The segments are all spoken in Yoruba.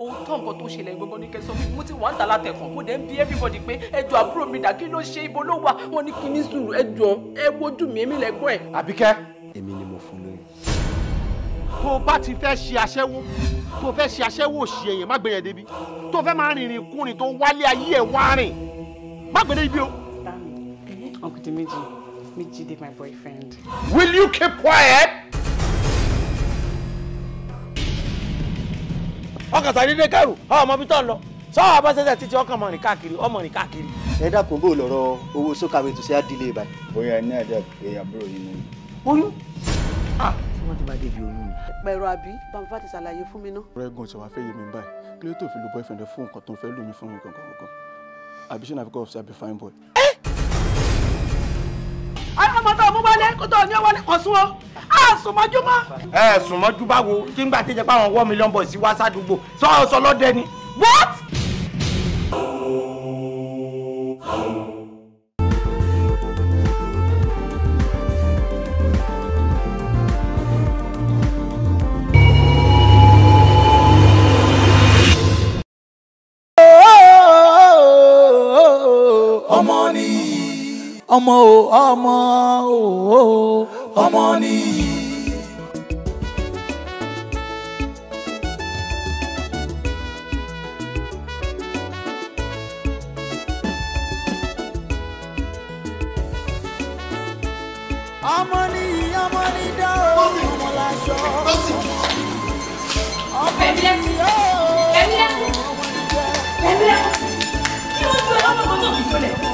òótọ́ nǹkan tó ṣẹlẹ̀ gbọ́ngàn ní kẹsàn án mo ti wà ń tà látẹ̀kàn mo dẹ̀ ń bi everybody pé ẹjọ́ àbúrò mi dà ló ṣe ibo ló wà wọ́n ní kí ní sùúrù ẹjọ́ ẹ wojú mi èmi lẹ́gbọ́n ẹ̀. àbíkẹ́ èmi ni mo fún lóyún. tó o bá ti fẹ́ ṣe aṣẹ́wó tó o fẹ́ ṣe aṣẹ́wó òṣì èèyàn má gbẹ̀yẹ̀ débi tó o fẹ́ máa rìnrìn kùnrin tó wálé ayé ẹ̀ wá rìn má gbẹ̀ débi o. uncle dimeji meji dey my boyfriend. will you keep quiet. ọkàn tàbí dé kẹrù ọmọ bí tó ń lọ sọ́wọ́ abọ́sẹ̀sẹ̀ títí ọkàn mọ̀rìn káàkiri ọmọrìn káàkiri. ẹ dákun bó lọ́rọ̀ owó sókàwé tó ṣe á dílé báyìí. bóyá ní àjà pé àbúrò yìí ni. oyún ah tí wọ́n ti máa débi oyún. pẹ̀rọ àbí bàbá ti ṣàlàyé fún mi ná. rẹ́gùn tí wàá fẹ́ yé mi báyìí kí ló tó fi lu boyfriend fún nǹkan tó ń fẹ́ lù mí fún mi gangan gangan àbí ṣé nàfikọ́ fine boy ọmọ tó mú wálé kó tó ní wálé kò sún o a sùn mọ́jú mọ́. ẹ sùn mọ́jú báwo kí n gbà tẹ́jẹ́ pé wọ́n mílíọ̀nù bọ̀ sí wá sádùúgbò sọ́ọ́ sọ lọ́dẹ ni. what. ọmọ o ọmọ o ọmọ nìyí. ọmọ nìyí ọmọ ní dá o ọmọ làṣọ ọmọ nìyí o ọmọ ní jẹ. kí ló ń sọ ọmọ kan tó fi jọlẹ̀.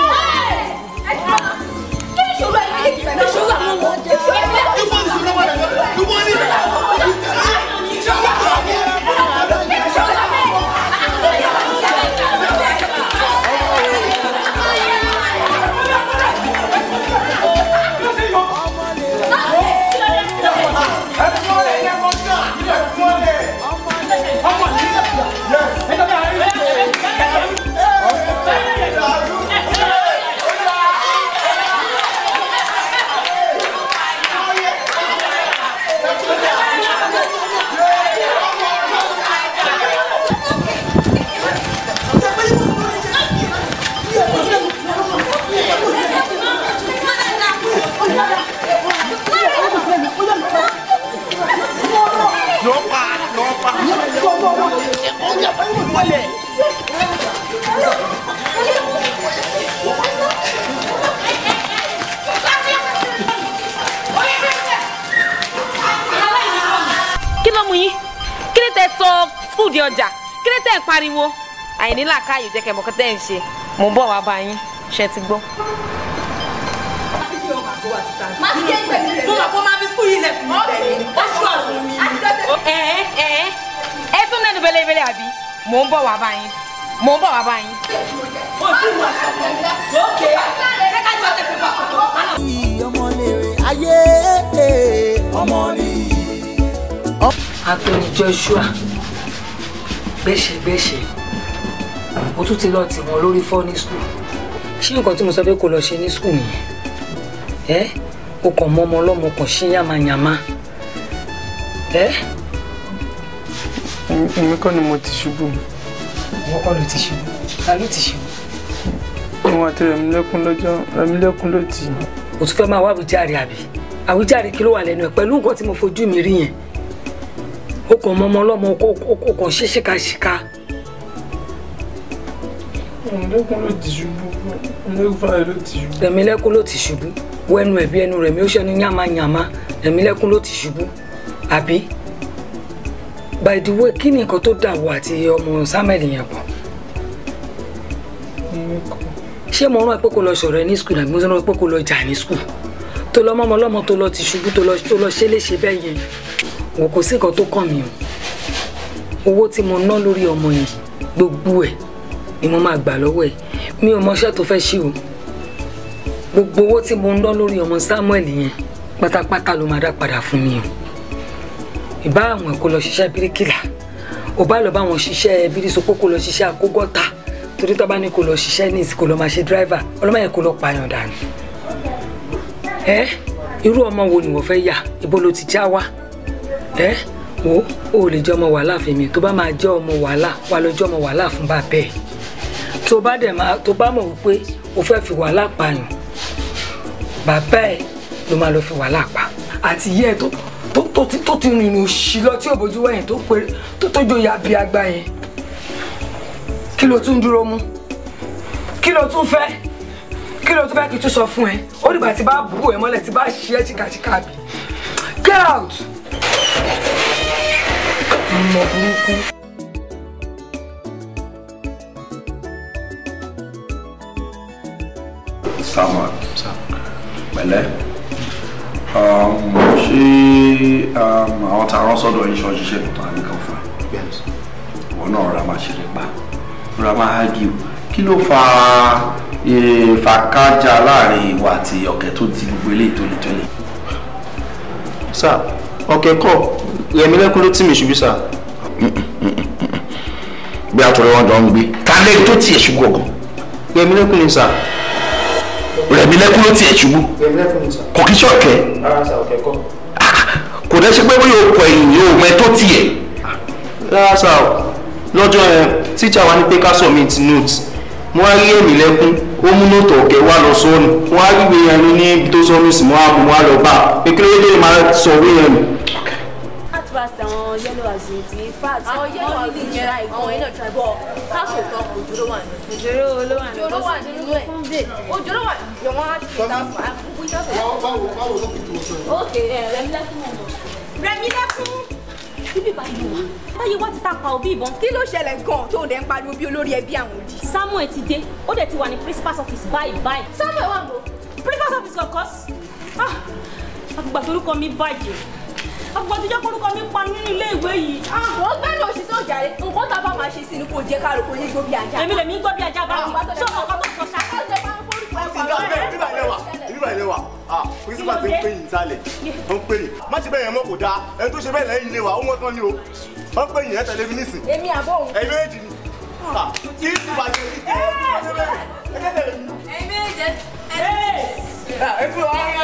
ẹ̀yin ní làákàyè jẹ́ kẹ́ mọ̀kọ́ tẹ́ ń ṣe mò ń bọ̀ wá bá yín ṣe ti gbọ́. ẹ ẹ ẹ tún mẹ́nu àbí mò ń bọ̀ wá bá yín mò ń bọ̀ wá bá yín. mo ti wà lókè mo tún ti lọ tì wọ́n lórí fọ́ ní skul ṣé nǹkan tí mo sọ pé kò lọ ṣe ní skul nìyẹn ẹ o kàn mọ ọmọ ọlọ́mọ kàn ṣí yàmàyàmà ẹ. èmi kọ́ ni mo ti ṣubú. ìwọ kọ́ ló ti ṣubú ta ló ti ṣubú. òun àti rẹ̀mílẹ́kún lọ́jọ́ rẹ̀mílẹ́kún ló ti. o tún fẹ́ máa wá àwíjàre àbí àwíjàre kí ló wà lẹ́nu ẹ̀ pẹ̀lú nǹkan tí mo fojú mi rí yẹn o kàn mọ ọmọ ọlọ́mọ o kàn ṣe ṣìkàṣìkà ẹ̀mílẹ́kùn ló ti ṣubú ẹ̀mílẹ́kùn ló ti ṣubú. ẹ̀mílẹ́kùn ló ti ṣubú wọ ẹnu ẹ̀bí ẹnu rẹ̀ mi ó ṣẹ́ni yàmáyàmá ẹ̀mílẹ́kùn ló ti ṣubú àbí by the way kí ni nǹkan tó dàwọ àti ọmọ Samuel yẹn pọ̀ ṣé mo rán ẹ pé kó lọ sọ̀rọ̀ ẹ ní skul àbí mo rán ẹ pé kó lọ jà ní skul tó lọ mọ́mọ́ lọ́mọ tó lọ ti ṣubú tó lọ tó lọ ṣe léṣe bẹ́ẹ̀ yẹn wọ́n kò sí nǹkan tó kàn mí o owó tí mo ná lórí ọmọ yìí gbogbo ẹ̀ ni mo máa gbà lọ́wọ́ ẹ̀ mi ò mọṣẹ́ tó fẹ́ ṣí o gbogbo owó tí mo ń ná lórí ọmọ Samuel yẹn pátápátá ló máa dá padà fún mi o ìbá àwọn kó lọ ṣiṣẹ́ bíríkìlà ò bá lọ bá wọn ṣiṣẹ́ bírísopó kó lọ ṣiṣẹ́ akógọ́ta torí tó bá ní lọ ṣiṣẹ́ ní ìsìnkú lọ máa ṣe dírẹ́fà irú ọmọ wo ni wọ́n fẹ́ yà ibo ló ti já wa ẹ wo o ò lè jẹ́ ọmọ wàhálà fèmí tó bá máa jẹ́ ọmọ wàhálà wà lọ jẹ́ ọmọ wàhálà fún bàbá ẹ̀ tó bá dẹ̀ máa tó bá mọ̀ wípé o fẹ́ fi wàhálà pààyàn bàbá ẹ̀ ló máa lọ fi wàhálà pa àti yẹ́ ẹ̀ tó tó ti tó ti rìnrìn òṣì lọ tí òbójú wẹ̀yìn tó pé tó tójú ya bí agbá yẹn kí ló tún dúró mú kí ló tún fẹ́ kí ló tún fẹ́ kí tún sọ fún ẹ ó dìgbà tí bá bú ẹ mọ́lẹ̀ tí bá ṣe ẹ́ chikachika bí get out ọmọ burúkú. Samuel pẹ̀lẹ́ um, ṣé um, àwọn tá a rán sọ́dọ̀ yìí ṣọ́ọ́ ṣiṣẹ́ tuntun àbí kan fún ẹ ìwọ náà rọra máa ṣe nípa rọra máa hági o kí ló fa e, ìfàkájà láàrin ìwà àti ọ̀kẹ́ tó di gbogbo eléyìí tó lè tó lè. sá ọ̀kẹ́ kọ̀ rẹ̀mí lẹ́kún ló tì mí ṣubú sá. bí a tọrọ wọn jọ ń gbé ta lẹ́yìn tó tiẹ̀ ṣubú ọ̀gàn. rẹ̀mí lẹ́kún ni sá rẹ̀mí lẹ́kún ló tiẹ̀ ṣubú kò kí ṣọ̀kẹ́ kò dẹ́ ṣe pé bóyá ọkọ̀ ẹ̀yìn yóò mọ ẹ tó tiẹ̀. rárá sá o lọ́jọ́ yẹn tíjà wa ní pé ká submit notes mo wá rí èmi lẹ́kún ó mú nóòtù ọ̀kẹ́ wá lọ sọ́ọ̀nù mo wá rí ìwé yẹn ní ibi tó sọ́ọ̀nù sí mo wá mú wá lọ bá pé kí ló dé máa sọ ìwé yẹn nù àwọn yellow as fat àwọn yellow as in yẹn àwọn yẹn náà ló wà ní. òjòrò ló wà ní. òjòrò wà nínú ẹ̀. òjòrò wà yọ̀ wọ́n á ti fi dáhùn fún àkókò ìjọba. báwo báwo ló kìí tó sọ yìí. ok Rẹ̀mílẹ́kún mọ̀ mọ̀. Rẹ̀mílẹ́kún. bíbí báyìí wá báyìí wá ti ta pa òbí ìbọn. kí ló ṣẹlẹ̀ gan-an tó dẹ̀ ń pariwo bí olórí ẹbí àwọn òdì. Samuel ti dé ó dẹ̀ ti wà ní principal's office báyìí báyìí. Samuel wà ń bọ̀ principal's office of course. ah àgbàdo orúkọ mi bàjẹ́ àgbà tó jẹ́ kórúkọ mi nínú ilé ìwé yìí. wọ́n ah! gbẹ́rù òṣìṣẹ́ ọ̀jà rẹ̀ nǹkan tá a bá máa ṣe sí ni kò jẹ́ káàró kò ní gbó ajá. èmi lèmi gbó ajá bá mi ṣé ọkọ tó sọ ṣáà. Ah, principal ti ń pè yín sálẹ̀, ó ń pè yín. Má ṣe bẹ́ẹ̀ mọ́ kò dáa, ẹni tó ṣe bẹ́ẹ̀ lẹ́yìn ilé wa, ó mọ́ tán ni o. Ó ń pè yín ẹ mi nísìn. Èmi àbọ̀ òun. Ẹ̀yin méjì ni. Kí ìbàjẹ́ ìdíje ó ti ṣe bẹ́ẹ̀. Ẹ̀yin méjì ah, ẹ. Ẹ fi wàhálà.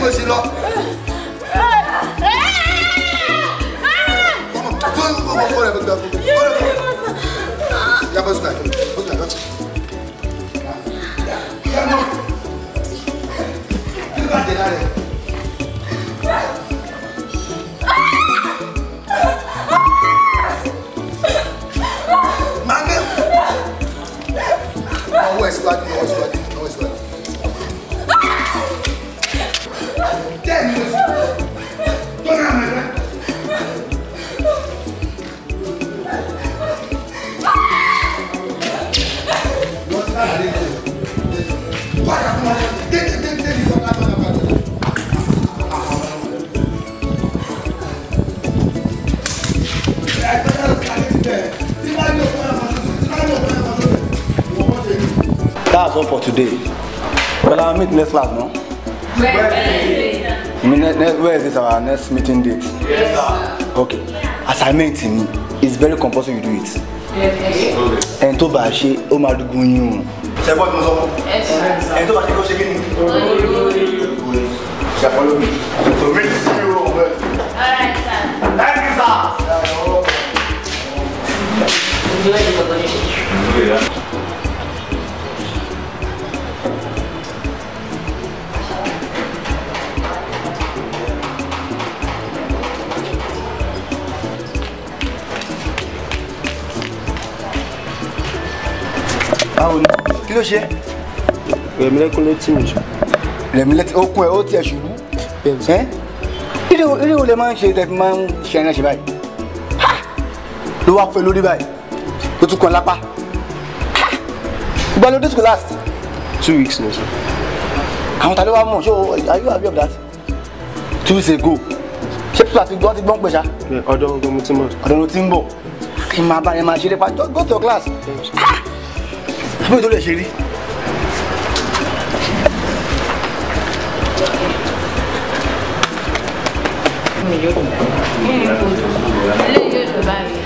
mo sì lọ. Ya bọ́ sílẹ̀ bọ́ sílẹ̀ lọ́tì. Ya bọ́. Kí ló bá dé lára ẹ̀? all for today. Well, I'll meet next class, no? Where is this our next meeting date? Yes, sir. Okay. Assignment to me. It's very compulsory you do it. Yes, sir. Ẹni tó bá ṣe, ó máa dúgun yín o. Ṣé bọ́ọ̀dù mo sọ fún? Ẹni tó bá ṣe kó ṣe kí ni? Olórí. Ṣé àfọlọ́ To meet you on All right, sir. Thank you, sir. Enjoy the kí ló ṣe. rẹ̀mílẹ́kún ló tì mí jù. rẹ̀mílẹ́kún okun ẹ̀ ó tiẹ̀ ṣubú. ilé wo lè máa ń ṣe tẹ̀ fi máa ń ṣe ẹran ṣe báyìí ló wá fẹ́ lórí báyìí ló tún kan lápá. ìgbà ló dé last. two weeks ni sir. àwọn ta ló wá mọ̀ so are you aware of that two weeks ago ṣé pípa ti gbọ́n ti gbọ́n pẹ̀ṣá. ọdọ ọdọ mo ti mọ. ọdọ mo ti ń bọ̀ kí n máa bá rẹ pa go to your class. Yeah bóyá tó lè ṣe rí. eléyìí yóò dùn báyìí.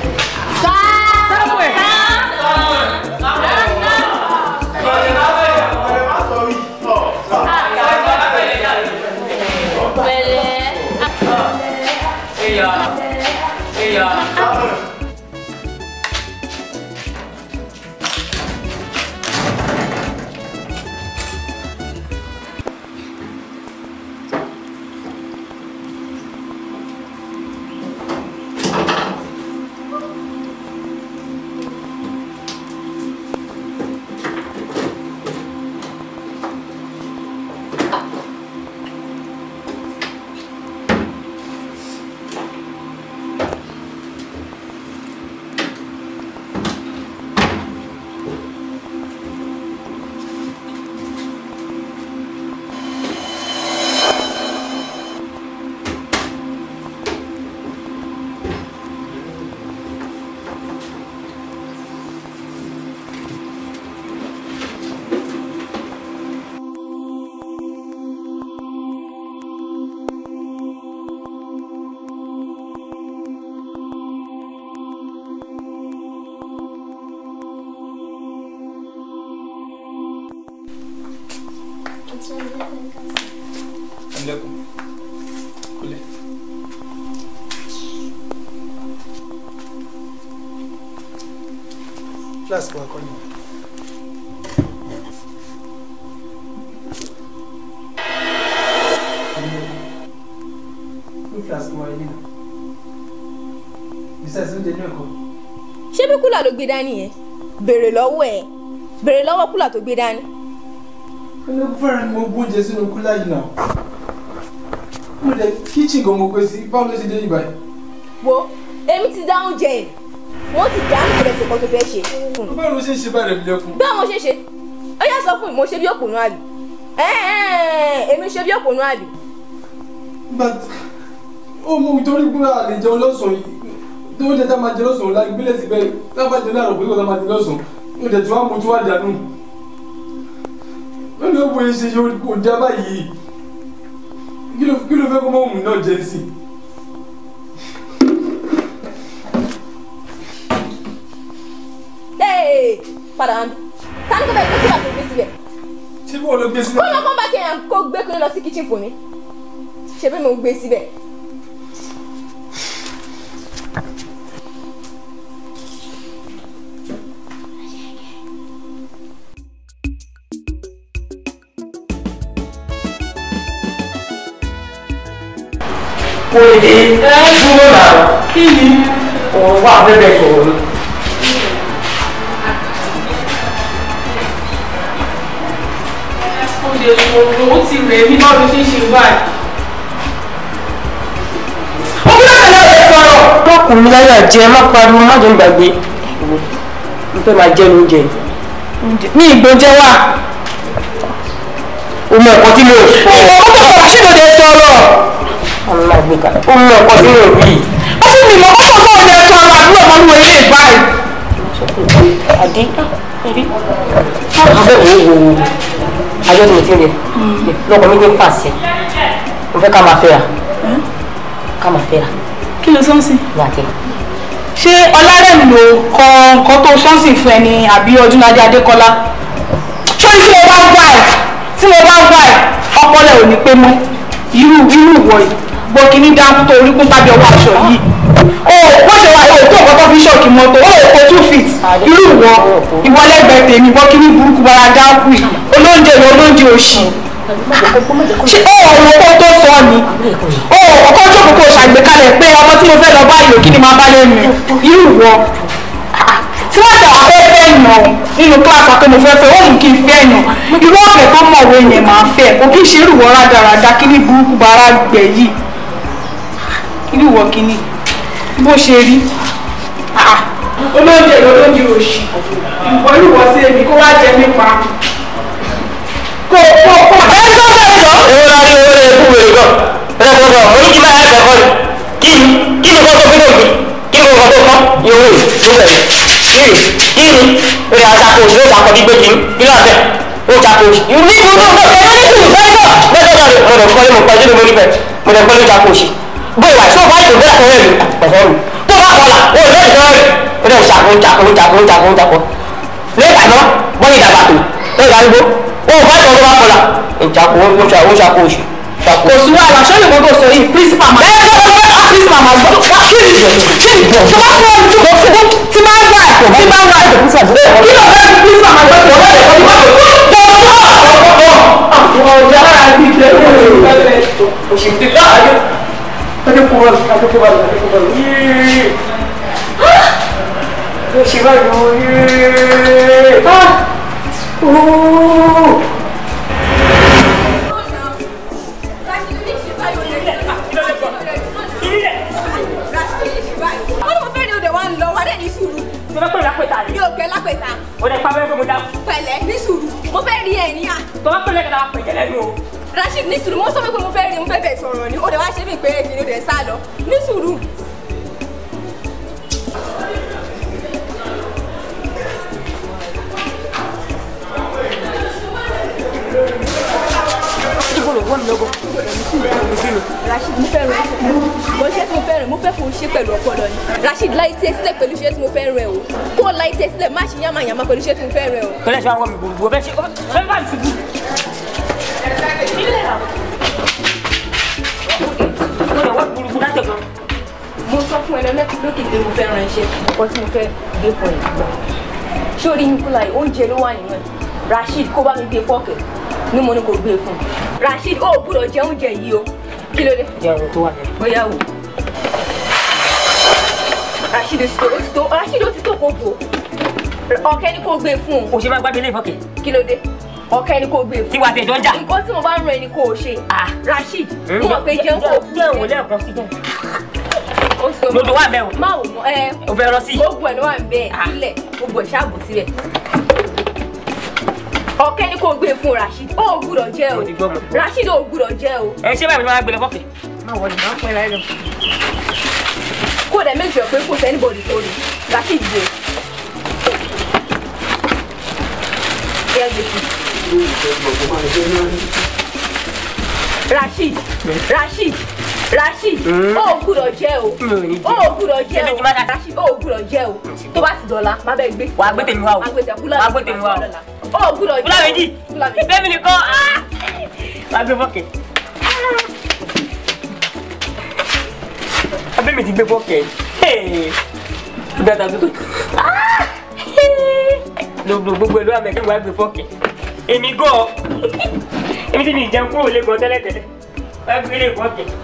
gbé dání yẹn béèrè lọ́wọ́ ẹ̀ béèrè lọ́wọ́ kúlà tó gbé dání. olóògùn fẹ́ràn mo gbóúnjẹ sínú kúlà yìí náà mo lè kíchìn gan mo pè sí báwo ló ṣe dé ibà yìí. wo èmi ti dá oúnjẹ yìí wọ́n ti dá mi lẹ́sẹ̀ kan tó fẹ́ ṣe. báwo ló ṣe ń ṣe báyìí rẹ̀ lẹ́kùn. báwo ṣe ṣe ó yà sọ fún mi mo ṣe bí òpònú àbí èmi ṣe bí òpònú àbí. but ó mú torí gbúra àlejò ọlọ́sàn yìí tó ń jẹ tá a máa jẹ lọ́sùn la gbélé síbẹ̀ tá a bá jẹ láàrọ̀ pé kò tá a máa jẹ lọ́sùn ń jẹ tí wọ́n á mú tí wọ́n á dànù. wọ́n ní ọ̀pọ̀ yẹn ṣe yóò kó dá báyìí kí ló fẹ́ kó mọ́mù náà jẹ́ sí i. padà wá mi ta ni kò bẹ̀rẹ̀ kókìlà tó gbé síbẹ̀. ṣé bí wọ́n lọ gbé síbẹ̀. kó lọ kó bá kí n kó gbé kó lọ sí kíchìn fún mi ṣé bí mo gbé síbẹ̀. kò èdè dúró náà kí ni ọ̀rọ̀ wà bẹ́ẹ̀ sọ̀rọ̀ ni. oúnjẹ ṣòro ó ti rẹ̀ mí báwo ṣe ń ṣe báyìí. ògùnlẹ̀ náà lè sọ̀rọ̀. lọ́kùnrin láyà jẹ má pariwo má jẹun gbàgbé n fẹ́ máa jẹ́ lóúnjẹ ní ìgbóúnjẹ wà o mọ ẹ̀kọ́ tí mo. ìwọ ó tó sọ̀rọ̀ ṣé ló dé sọ̀rọ̀ alágbèéká ó mú ọkọ tí yóò rí i ó sì ní ìmọ̀ kókó náà ní ẹ̀tọ́ ọmọ àdúgbò ọmọ nínú ilé ìbáyìí. àdé rí abẹ́ òun wo wo ayé mi ti rẹ̀ lọ́kọ̀ mi ti ń pàṣẹ mo fẹ́ ká máa fẹ́ra ká máa fẹ́ra. kí ló sọ́nsìn. yàtẹ̀ ṣé ọlárẹ̀mí ló kọ nǹkan tó sọ́nsìn fún ẹ ní àbí ọdúnládé adékọ́lá sórí tí mo bá ń gbà ẹ̀ tí mo bá ń gbà ẹ̀ ọpọlọ ò ní pé mọ́ irú irú ìwọ yìí gbogbo kìíní dáńkú tó orí kún tàbí ọwọ́ aṣọ yìí o wọ́n ṣe wá ètò ọ̀pọ̀ tó fi ṣọ́ọ̀kì mọ́tò ó lè po two feet irú wọ ìwọlẹ́gbẹ̀ẹ́ tèmi wọ́n kìíní burúkú bára dáńkú yìí olóúnjẹ ìwọ olóúnjẹ òṣì ṣe ó ọ̀rọ̀ kó tó sọ ni ó ọkọ̀ jókòó kó ṣàgbékalẹ̀ pé ọmọ tí mo fẹ́ lọ bá yòókì ni máa bá lẹ́nu irú wọ tí wọ́n tẹ̀ wá fẹ́ fẹ́ yàn nínú kíláàsì àpé mo fẹ́ fẹ́ ó mú kí n fẹ́ yàn irú ọ̀fẹ́ tó mọ̀wé yẹn máa fẹ́ kò kí n ṣe irú wọ rádaràda kí ní burúkú bàrà gbẹ̀ yìí irú ìwọ kínní bó ṣe rí olóúnjẹ lolóúnjẹ òṣì ìwọ irú ìwọ sí èmi kó wá jẹ mí pa kó kó kó. ẹ ń sọ bẹ́ẹ̀ lọ. èwo la rí owó rẹ̀ kú wèrè gan. ẹ ń sọ bẹ́ẹ̀ orí kí máa yàtọ̀ kọ́ kí ni kí ni kọ́kọ́ fi lòdì kí ni kọ́kọ́ kọ́ ni owó rẹ̀ ló bẹ̀rẹ̀ kí ni kí ni o lè àtakò o lè àtakò gbígbé kiri kí ló àbẹ̀ o tako ní ìlú náà bẹ̀rẹ̀ ní ìlú bẹ́ẹ̀ náà lẹ́tọ̀ọ́ náà mo lè kọ́lé mo pàdé ní mo rí bẹ́ẹ̀ mo lè kọ́lé tako òsì bó ìwà tí o bá ìdòdó àtọwọ́ ẹ̀mí pẹ̀fọ́ tó bá kọlà o ò lóyún náà o lè ṣàkó ṣàkó ṣàkó ṣàkó ṣàkó lẹ́yìn àná wọ́n ní ìdàgbà tó lẹ́yìn àdúgbò o bá ìdòdó bá kọlà ìjàkó o ṣàkó ṣàkó oṣù. kò sí wàhálà sọ́yìn gbogbo sọ yìí principal ma. ẹ ẹ sọ fún mi principal ma kí ni kí ni bọ̀ tó bá fún ọ tó fún ọ tí bá wà ẹ̀kọ́ tí bá wà ẹ̀kọ́ Olha pro olho, olha pro olho, olha pro olho. Ih! Esse barulho. Ah! Uh! sá lọ ní sùúrù. ibo ló wọ́n mi lọ́gọ́ Rashid mo fẹ́ rẹ mo ṣe mo fẹ́ rẹ mo fẹ́ kó ṣe pẹ̀lú láì tiẹ̀ sílẹ̀ pẹ̀lú ṣe tí mo fẹ́ rẹ o kó láì tiẹ̀ sílẹ̀ má ṣe yàmàyàmà pẹ̀lú ṣe tí mo fẹ́ rẹ o. pẹ̀lú ẹ̀ṣọ́ àwọn mi gbogbo bẹ́ẹ̀ ṣe nǹkan tí mo fẹ́ gbé fún ẹ̀ gbọ́ ṣé o rí nkúlá yìí oúnjẹ ló wà nínú ẹ̀ Rasheed kó bá mi gbé fọ́ọ̀kẹ̀ ni mo ní kó gbé e fún Rasheed ó gbúdọ̀ jẹ oúnjẹ yìí o kí ló dé. ìyá ọ̀rọ̀ tó wà lẹ́yìn. bóyá o Rasheed ó ti tó ó ti tó Rasheed ó ti tó kó bò ọ̀kẹ́ ni kó gbé e fún o. kò ṣe bá gbàgbé ilé ìfọ́kẹ̀. kí ló dé ọkẹ ni kò gbé e fún. tiwa tẹjọ jà. nǹkan tí mo bá ń rán ẹni kò ṣe. Ah, Rasheed mo mọ̀ pé jẹun kò kú. jẹun ò lẹ́ẹ̀kan sí lódò wà bẹ́ẹ̀ o. má wò mọ ẹ o fẹ́ rọ sí. gbogbo ẹ̀ ló wà ń bẹ ah. ilẹ̀ gbogbo ẹ̀ ṣáàbò síbẹ̀. ọ̀kẹ́ ni kò gbé fún Rasheed ó ò gbúdọ̀ jẹ́ o Rasheed ó ò gbúdọ̀ jẹ́ o. ẹ ṣé báyìí mo máa gbé lọ fọ́ọ̀kẹ́. má wọlé má pẹ́ láyé lọ. kó dẹ̀ méjì ọ̀pẹ́ kó sẹ́ni bòdì tó rí Rasheed gbé. Rasheed Rasheed. Rashid ó hmm? gbúdọ̀ jẹ́ o ó gbúdọ̀ jẹ́ o Rashid ó gbúdọ̀ jẹ́ o hmm. tó bá ti dọ̀la má bẹ́ẹ̀ gbé. wàá gbé tèmi wá o wàá gbé tèmi wá o ó gbúdọ̀ jẹ́ o fúlàmì jì bẹ́ẹ̀mi nìkan ah! wàá gbé bọ́ọ̀kẹ́. Ah! abẹ́mi ti gbé bọ́ọ̀kẹ́ dada ah! gbogbo gbogbo ìlú àmì ẹgbẹ́ wàá gbé bọ́ọ̀kẹ́ èmi gọ́ ọ èmi ti ní ìjẹun kúrò lẹ́gọ̀ọ́ tẹ́lẹ̀tẹ́lẹ̀ wàá gbé lẹ́gọ̀ọ́ kẹ́.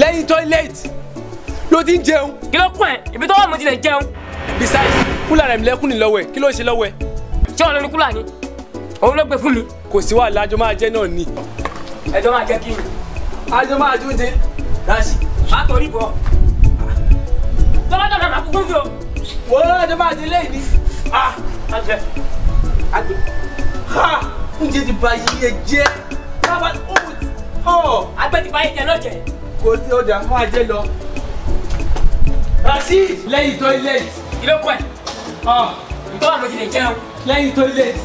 lẹ́yìn tọ́ílẹ̀tì ló ti ń jẹun. kí ló kún ẹ ibi tó wà mo ti lè jẹun. besides kúlà rẹ̀ lẹ́kùn ní lọ́wọ́ ẹ̀ kí ló ń ṣe lọ́wọ́ ẹ̀. ṣé wọn ló kúlà ni òun ló gbé fún mi. kò sí wàhálà àjọ máa jẹ náà ni. ẹjọ máa jẹ kí ni. àjọ máa jó jẹ ráṣì. má torí bọ. lọ́wọ́ dọ̀dọ̀ máa kúkú fi o. wò ó àjọ máa jẹ lẹ́yìn ni. a àjẹ àjẹ ha oúnjẹ ti bá yí ẹ jẹ. bàbá ó àgbẹ̀ ti bá yí jẹ lọ́jẹ̀ kò sí ó dà máa lọ. rasheed lẹ́yìn toilet. ilé kọ́ ìtọ́ àlọ́ ti jẹun. lẹ́yìn toilet.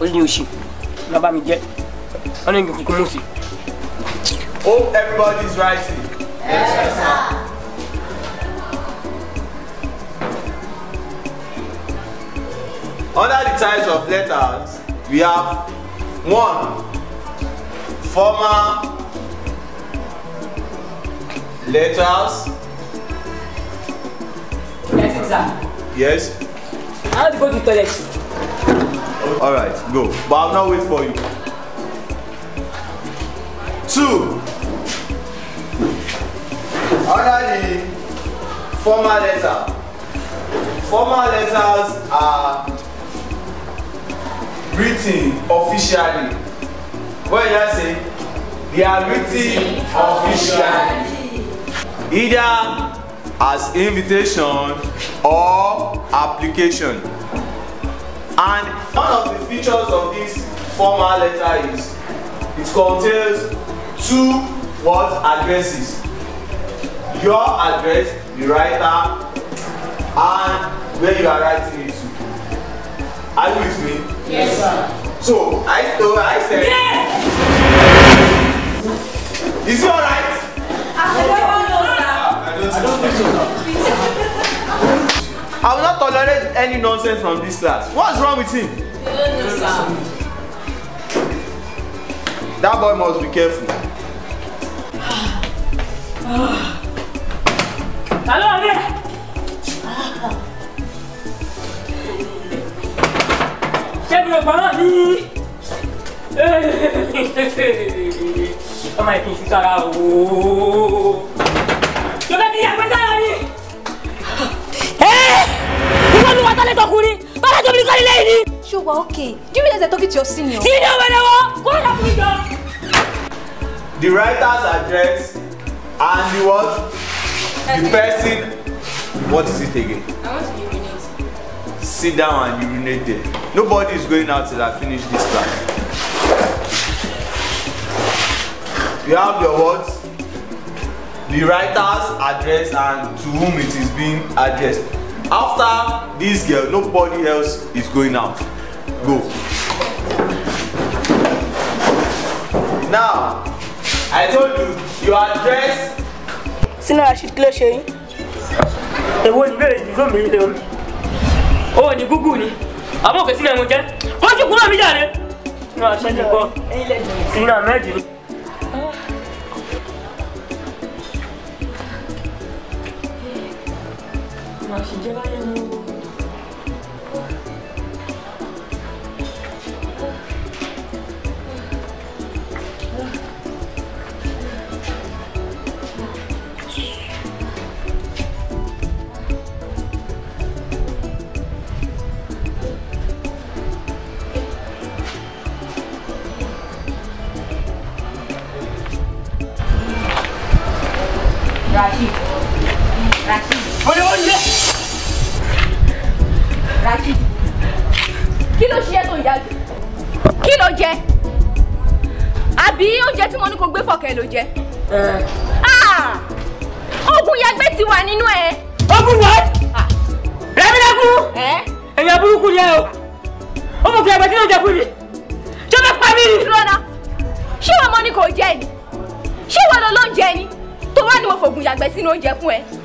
ó ní oṣù lọ́ba mi jẹ́ wọ́n ní nǹkan kúkú mú sí. hope everybody is rising. yes sir. Under the types of letters, we have one former letters. Yes, exam. Yes. I have to go to the toilet. All right, go. But I'll not wait for you. Two. Under the formal letter. Formal letters are written officially. What did I say? They are written officially either as invitation or application and one of the features of this formal letter is it contains two word addresses your address the writer and where you are writing it to are you with me. yes sir. so i so i said. yes. is it alright. Ah, i don't know. I will not tolerate any nonsense from this class. What's wrong with him? That boy must be careful. Hello, Abia. Ṣé mi ò gbọ́ náà bí? Ọmọ ìpín lọ́bẹ̀ bí yàgbẹ́ sára ni. ẹ́ẹ́ ìwọ ni wà á tálẹ̀ sọkùnrin bàbá tóbi kọ́ okay do you realize I'm talking to your senior. senior where wẹ̀rẹ̀ wọ kó o dàbí jọ. the writer's address and the what the person what is it again. I want to urinate. sit down and urinate there nobody is going out till I finish this class. You have your words the writer's address and to whom it is being addressed after this girl nobody else is going out go now i told you your address. sínú aṣíkí I should yín. èwo ni bẹ́ẹ̀ ni fún mi lè omi. o ní gúgù ni àbọ̀ òkè sínú ẹ̀mú jẹ́ kó jù kúrò mi jáde. sínú 啊！With.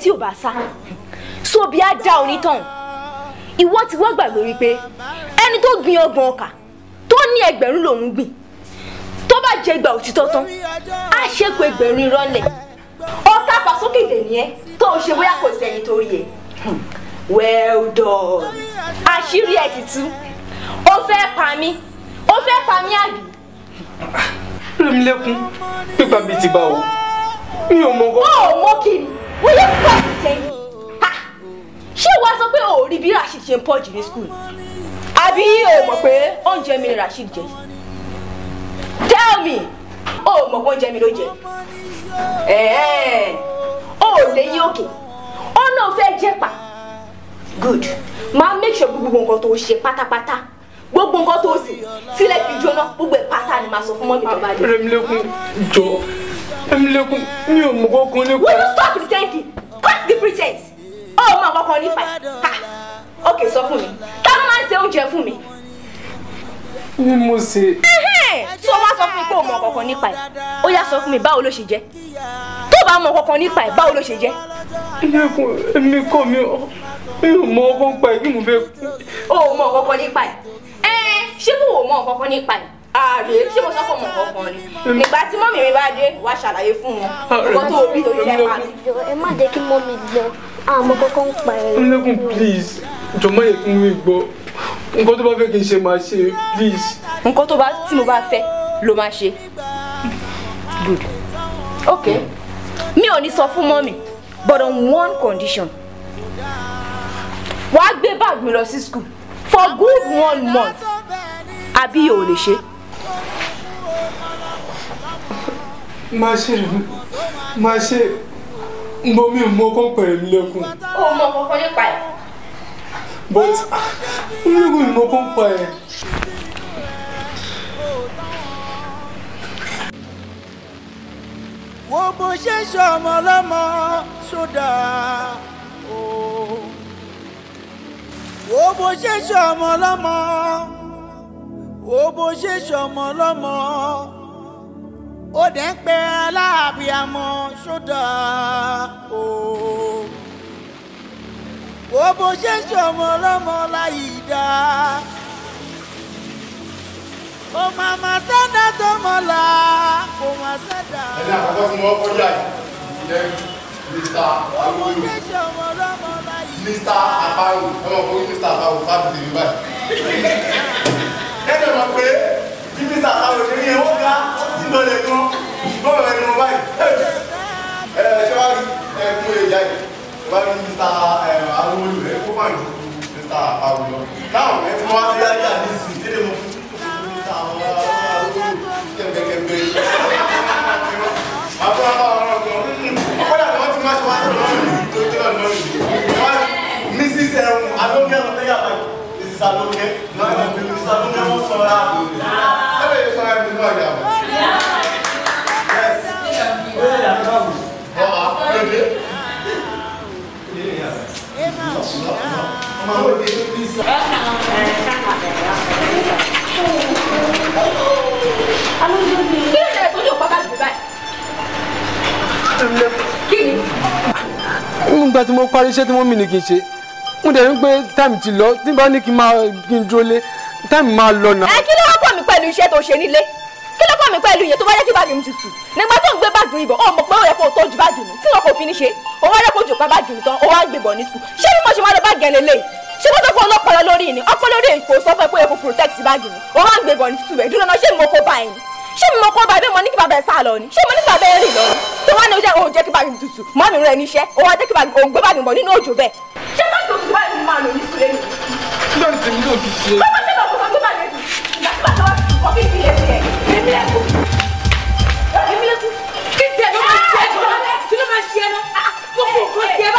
tí ò bá sá sóbi á dá onítàn ìwọ ti wá gbàgbé wípé ẹni tó gbin ọgbọ̀n ọkà tó ní ẹgbẹ̀rún lòún gbìn tó bá jẹ ìgbà òtítọ́ tán á ṣẹ́kù ẹgbẹ̀rún ìrọ́lẹ̀ ọ̀tá pàṣókè dèní ẹ tó ń ṣe bóyá kò sẹ́ni tó rí hmm. well done àṣírí ẹ ti tú ó fẹ́ pa mí ó fẹ́ pa mí àbí. Rẹ̀mílẹ́kún pípa bíi ti bá o mi ò mọ̀ kọ́. ó mọ́ kí ni will you stop pretending? ṣé ìwọ sọ pé o ò rí bí Rasheed ṣe ń pọ́jù ní school àbí o mọ̀ pé oúnjẹ mi ni Rasheed tell me oh my boy oúnjẹ mi ló jẹ o ò lè yí òkè ó náà fẹ́ good máa make sure gbogbo nǹkan tó ṣe pátápátá gbogbo nǹkan tó sì sílẹ̀ fi jóná gbogbo ẹ̀ pátá ni màá sọ fún mọ́mí tó bá dé. rẹmi jọ Emilekun, mi ò mọ̀ kankan nípa. Will you stop pretending? Cut the pretense. Oh, máa kankan nípa. Ok, sọ fún mi. Ta me. máa ń ṣe oúnjẹ fún mi? Ni mo ṣe. Tó o wá sọ fún mi pé o mọ̀ kankan nípa ẹ̀. Ó yá sọ fún mi báwo ló ṣe jẹ́. Tó o bá mọ̀ kankan nípa ẹ̀, báwo ló ṣe jẹ́? Emilekun, èmi kọ́ mi ò mọ̀ kankan nípa ẹ̀ kí mo fẹ́ kú. O ò mọ̀ kankan nípa ẹ̀. Ẹ ṣé ààrẹ ṣé mo sọ fún ọmọ kankan ni nígbà mm. tí mọ́mì mi bá dé wàá ṣàlàyé fún wọn nǹkan tó bí lórí ẹ̀ máa ẹ má jẹ́ kí mọ́mì lọ àmọ́ kankan ń pa ẹ̀. ọlẹ́kùn please jọ̀mọ́ yẹ kí mi gbọ́ nǹkan tó bá fẹ́ kí n ṣe máa ṣe please. nǹkan tó bá tí mo bá fẹ́ ló máa ṣe good ok mi ò ní sọ fún mọ́mì but on one condition wàá gbé báàgì mi lọ sí school for good one month àbí yóò lè ṣe máa ṣe máa ṣe ń bọ mí kọ́ pẹ̀rẹ̀ mi lẹ́kùn. ó mọ kọ́kọ́ nípa ẹ̀. but nínú mi mọ kọ́ pa ẹ̀. wo bó ṣe ṣe ọmọ ọlọ́mọ sódà o wo bó ṣe ṣe ọmọ ọlọ́mọ ó bó ṣe ṣọmọ lọ́mọ ó dẹ̀ ń pẹ́ aláàbíàmọ́ ṣódà o ó bó ṣe ṣọmọ lọ́mọ láyé dá kò má má sẹ́dá tó mọ̀ la kò má sẹ́dá. ẹni àkọ́kọ́ tí mo kọjá yìí jẹ́ Mr. Abayo Mr. Abayo ẹ mọ̀ pé Mr. Abayo fábìlì mi báyìí. báyìí mr arúgbó rẹ̀ kó má ju mr àpàrọ̀ lọ. náà ẹ ti mọ abíyájà ní ìsìn dédé mo fún mr àwọn arúgbó kẹ̀kẹ́kẹ̀kẹ̀. màá fún wa ọ̀rọ̀ ọ̀gbọ̀n ọ̀pọ̀lọpọ̀ ni wọ́n ti máa ṣe wá sí ọ̀rọ̀ tó tẹ́lẹ̀ náà yìí. mrs ẹ̀rùn adókè ọ̀tẹ́yà báyìí mrs adókè lọ́wọ́ mrs adókè wọ́n sọ̀rọ̀ kí ló ṣẹlẹ̀ tó yóò pọ́ káàkiri báyìí. kí ni. nígbà tí mo parí iṣẹ́ tí mo mì ní kí n ṣe mo dẹ̀ ń pé táìmù ti lọ tí bá ní kí n máa kí n dúró lé táìmù máa lọ nà. ẹ kí ló wá pọ̀ mí pẹ̀lú iṣẹ́ tó ṣe nílé kí ló pọ̀ mí pẹ̀lú iye tó bá yẹ kí báàgì mi tutù nígbà tó ń gbé báàgì ìbọn ọmọ pé ó yẹ kó tọ́jú báàgì mi tí wọn kò fi ní ṣe òun wá yẹ kó jòkó báàgì mi tán òun wá gbé bọ̀ ní sùkúl ṣé bí mo ṣe máa lọ báàgì ẹ lélẹ́yìí ṣé wọ́n tó fún ọlọ́pàá lórí ni ọpọlọ lórí èkó sọ fún ẹ pé ẹ kò protect báàgì mi òun wá gbé bọ̀ ní sùkúl ẹ̀ dúró náà ṣé mo kó báyìí ṣé mi mọ kó bàbá mo ní kí bàbá ẹ sá lọ ni ṣé mo ní kí bàbá ẹ rìn lọ ni tó wá ní ojú ẹ òun jẹ́ kí bàbá mi tutù mọ́ mi rẹ níṣẹ́ òun á jẹ́ kí bàbá òun gbé bàbá mi bọ̀ nínú òjò bẹ́ẹ̀. ṣé bá tó gbọ́ ẹ̀mí máa lò ní sílé mi. lórí tèmi ló ti ṣe. bàbá mi bàbá mi bàbá mi ìgbà tí bàbá mi kọ́ kí n fi lè fi ẹ̀ èmi lẹ́kù. èmi lẹ́kù kí tiẹ̀ ló máa ṣe ẹ̀ ah! kí ló máa ṣe ẹ̀ náà ah! ah! gbogbo nǹkan tiẹ̀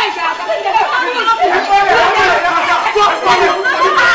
báyìí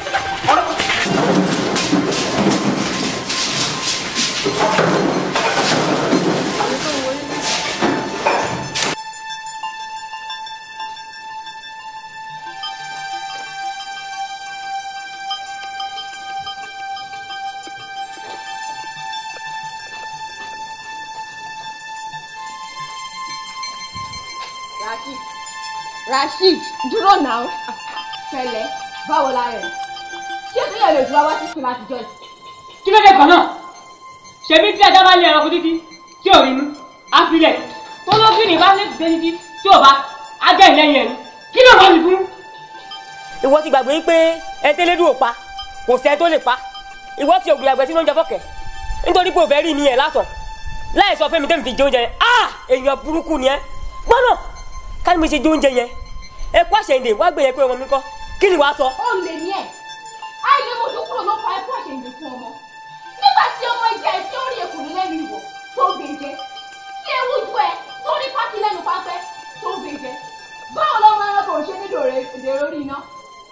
rasheed dúró náà pẹ̀lẹ́ báwo la rẹ ṣé sílẹ̀ lè dúró wá sí sinmi àtijọ́ yìí. kí ló dé kan náà ṣèbí tí ajá bá lé ẹranko títí tí ò rí mú á fi lẹ̀ tó ló kí ni bá lè dé títí tí ò bá á jẹ́ ìlẹ́yìn ẹ̀rú kí ló bá mi fún. ìwọ ti gbàgbé pé ẹni tẹ́lẹ̀ dùn ò pa kò sẹ́ tó lè pa ìwọ ti ògùn àgbẹ̀ sínú oúnjẹ fọ́kẹ́ nítorí pé ò fẹ́ rí mi yẹn látọ̀ láì sọ fẹ́mi tẹ́mi fi jẹ oúnjẹ yẹn ah èèyàn burúkú ni ẹ gbọ́dọ̀ ká ní mo ṣe jẹ oúnjẹ yẹn epo àṣẹyìndè wá gbé yẹn pé ọmọ mi kọ́ kí ni wàá sọ. ó lè ní ẹ àìlè mo ló kúrò lọ́pàá epo àṣẹyìndè fún ọmọ nígbà tí ọmọ ìjà ẹ tí ó rí èkùnrin lẹ́nu ìwọ tó gbèjẹ kí ewu ju ẹ tó rí pákí lẹ́nu pápẹ́ tó gbèjẹ báwo lọ́mọ ẹranko ò ṣe nílò èrè lórí iná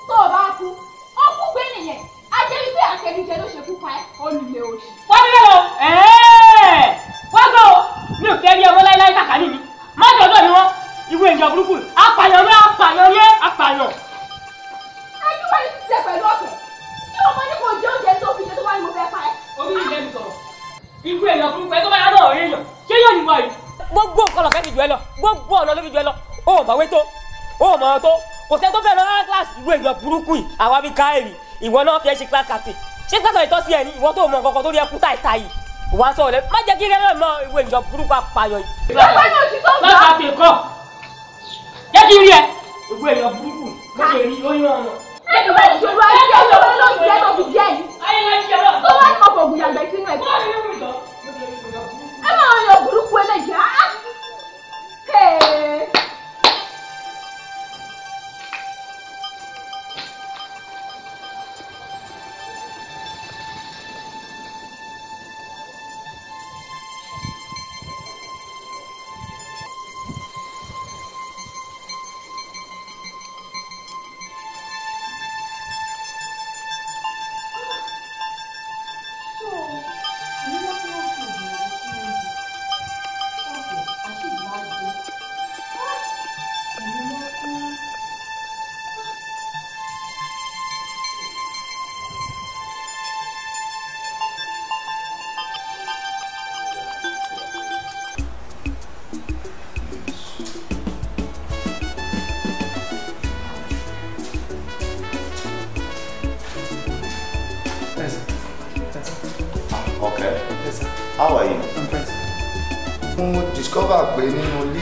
tó o bá kú ó kú gbé nìyẹn ajẹ́ wípé àtẹnujẹ ló ṣekú pa ẹ́ olùlé oṣù. wọ́n ní lọ wọ́n o? mi ò fẹ́ rí ọmọ láéláé kàkà níbi má dọ̀dọ̀ ni wọ́n ìwé èèyàn burúkú apàyàn lé apàyàn lé apàyàn. ayé wa ni tẹ pẹ̀lú ọ̀fẹ́ kí ọmọ ní kò jẹ́ oúnjẹ tó fi jẹ tó bá ní mo fẹ́ pa ẹ́. orí mi lẹ́nu sọ̀rọ̀ ìwé èèyàn burúkú ẹ tó bá yà lọ́ọ̀ rẹ̀ yàn ṣé yóò ní wáyé. gbogbo nǹkan lọ́fẹ́ fi jù ẹ lọ gbogbo ọ̀nà ló fi jù ẹ lọ ó ò mọ̀wé tó ó ò mọ̀ tó kò sẹ́ tó fẹ́ lọ rárá kíláàsì ìwé èèyàn burúkú yìí àwa fi ká èrì ìwọ náà fi ẹ ṣe kíláàsì kàtì ṣé kíláàsì ọ̀yìn tó sí ẹ ní ìwọ tó mọ̀ nǹkan lẹ má jẹ́ kí rẹ́rẹ́ mọ ìwé ìjọ burúkú apayọ yìí. ìgbà wo ni òṣìṣẹ́ ọ̀gá. lọ́sàbí kọ́ jẹ́ kí n rí ẹ. gbogbo èèyàn burúkú ló ṣe rí ó yàn án. ẹni wọ́n ti ṣòro ayé ẹ̀yọ́ wọn ló ń jẹ́ tó fi jẹ́ yìí. ayé wọn ti ṣe wọn. tó wá ní ọkọ̀ ògùn yàgbẹ́ sínú ẹ̀. ẹ máa yan burúkú eléyìí.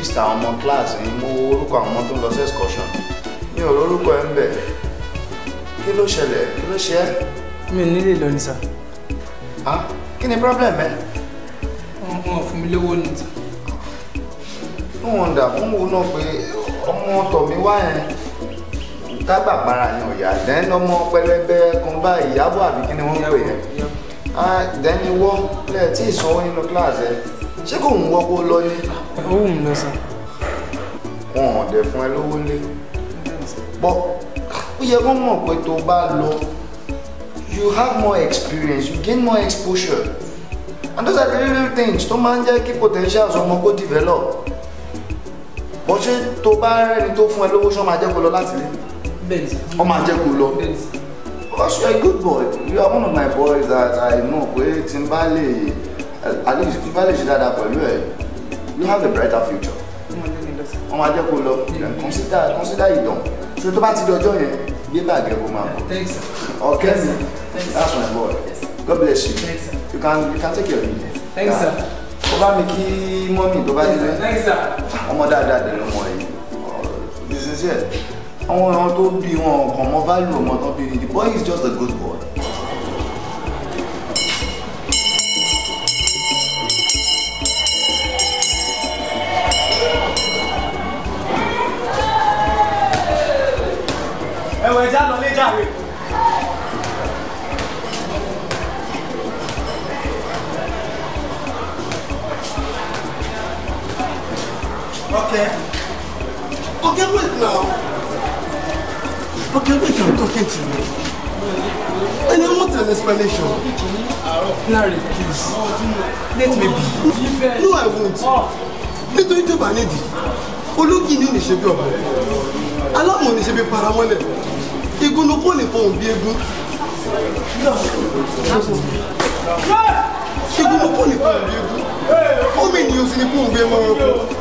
list àwọn ọmọ class ń mú orúkọ àwọn ọmọ tó ń lọ sí excursion mi ò lórúkọ ẹ ń bẹ kí ló ṣẹlẹ̀ kí ló ṣe é mi ò nílé lọ ní sà. kí ni problem ẹ. wọn ò fún mi lówó ní sà. no wonder wọn wò náà pé ọmọ tọ̀mí wá yẹn tábà para ni ọ̀yà dẹ́n ọmọ pẹlẹbẹ kan bá ìyàbọ̀ àbí kí ni wọ́n ń pè yẹn dẹ́n ni wọ́ lẹ́ẹ̀ ìsanwó nínú kíláàsì ẹ ṣé kò ń wọ́ kó Oh wù mí Oh, the wọn ò But we have more lé bọ́ ó you have more experience you gain more exposure and those are the little things to manage. ń potential kí potentials ọmọ develop But you, tó bá rẹ́ni tó fún ẹ lówó ṣọ́ máa jẹ́ kó lọ láti lé ọ máa jẹ́ because you're a good boy you are one of my boys that I know pé in Bali. at least in Bali, bá lè that for you, eh you have a brighter future. wọ́n máa jẹ́ kó lọ consider consider you don so tó bá ti di ọjọ́ yẹn gbé bàgẹ́ kó máa bọ̀ ọ̀kẹ́ mi that's my boy God bless you Thanks, you can you can take your leave. Thanks, sir. ó bá mi kí mọ́mì tó bá délé ọmọ dáadáa dẹ̀ lọ́mọ yìí this is it àwọn ọmọ tó bí wọn kàn mọ́ value ọmọ tán bí the boy is just a good boy. ẹ̀wọ̀n ẹja lọ lé jàre. Okay. Okay, wait now. Okay, wait, I'm talking to you. And I want an explanation. Larry, please. Let me be. No, I won't. Nítorí tó bá nídìí, ológì ni ò ní ṣe bí ọ̀bọ, aláwọ̀ ò ní paramọ́lẹ̀ igun ló kó lè fohùn bí egun igun ló kó lè fohùn bí egun omi ni o sì ní fohùn bí ẹmọ ọkọ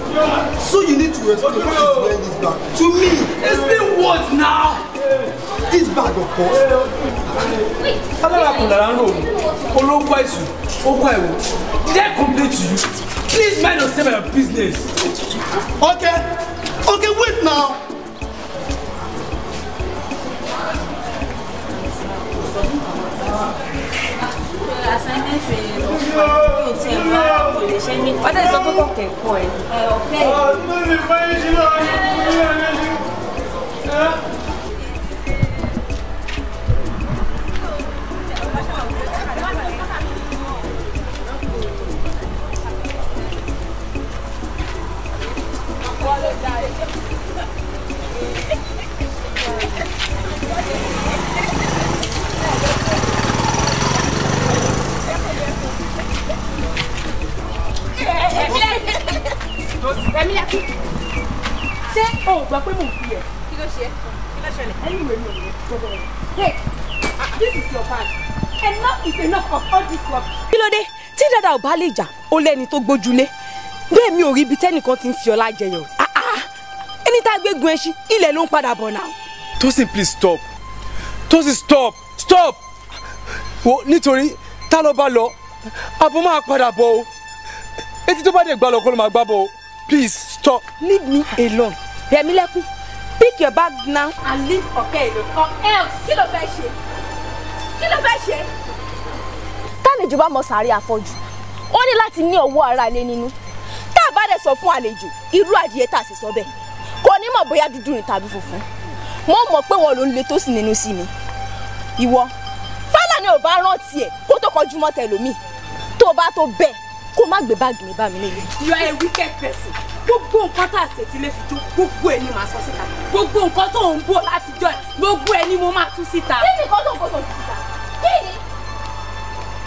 so you need to respect what is wearing this bag to me. it's been what now. this bag of course. alára kò lára ń rò ó olóńgbò àìsù ó gbà ẹ̀wò did I complain to you please mind yourself and your business. okay okay wait now. ọdẹ sọ pé kọkẹ ò bá lè jà ó lẹ́ni tó gbójúlé bẹ́ẹ̀ mi ò rí ibi tẹ́nìkan ti ń fi ọlá jẹyọ ah, ah. ẹni tá a gbé gun ẹṣin ilẹ̀ ló ń padà bọ̀ náà. Tosin please stop Tosin stop stop wo nítorí tá ló bá lọ abo máa padà bọ̀ o etí tó bá dé gbà lọ ló máa gbà bọ̀ o please stop. leave me alone rẹmi lẹkùn pick your bag now and leave ọkẹ èlò kan kí ló fẹ́ ṣe kí ló fẹ́ ṣe. tálejò bá mọ sàárè àfọ̀jù ó ní láti ní ọwọ́ ara lé nínú tá a bá dẹ̀ sọ fún àlejò irú adìyẹ tá a sì sọ bẹ́ẹ̀ kò ní mọ̀ bóyá dúdú ni tàbí funfun mo mọ̀ pé wọ́n ló ń le tó sì nínú sí mi ìwọ fálànà ò bá rántí ẹ̀ kó tó kọjú mọ́ tẹlómi tó bá tó bẹ́ẹ̀ kó má gbé báàgì mi bá mi nílé. you are a wicked person gbogbo nǹkan tá a ṣe ti lè fi jó gbogbo ẹ ni màá sọ síta gbogbo nǹkan tó ń bò látijọ́ ẹ gbogbo ẹ ni mo máa tú síta. kí ni nǹkan tó ń bò tó tú síta kí ni.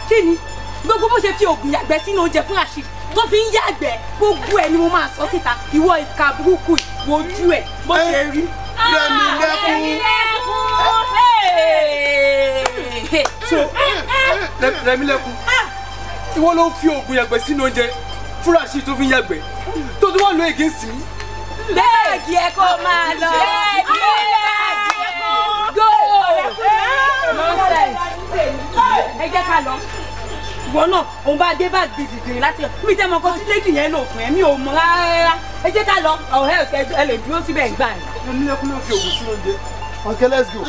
kí ni gbogbo bó ṣe fi oògùn yàgbẹ́ sínú oúnjẹ fún àṣì tó fi ń yàgbẹ́ gbogbo ẹ̀ ni mo máa sọ síta ìwọ ìka burúkú wojú ẹ̀ bó ṣe eh, rí. rẹmi ah, lẹkùn so rẹmi lẹkùn ah. ìwọ ló fi oògùn yàgbẹ́ sínú oúnjẹ fúnra ṣì tó fi ń yàgbẹ́ tó tún wà lọ èké sí bẹ́ẹ̀gì ẹ kó máa lọ. bẹ́ẹ̀gì ẹ kó máa lọ. go. ẹ jẹ́ ká lọ ìwọ náà òun bá dé bá gidigidi láti mi tẹ́ mọ kó tí yẹn lò fún ẹ mi ò mọ rárá ẹ jẹ́ ká lọ ọ̀hẹ́ ẹ lè dúró síbẹ̀ gbà ẹ̀. mo ní ẹkún náà fi òògùn sínú oúnjẹ okay let's go.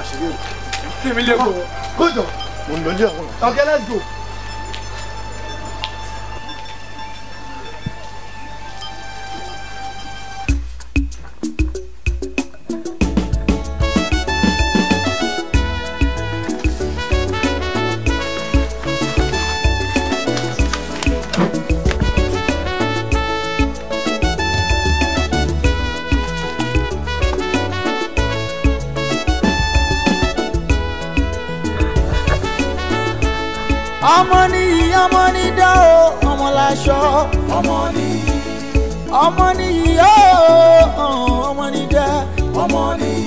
àṣírí o. kí mi lè kó. kó jọ. mo ń lọ ilé àwọn. okay let's go. ọmọ nìyí ọmọ ní dá o ọmọ láṣọ ọmọ nìyí ọmọ nìyí ọmọ ní dá ọmọ nìyí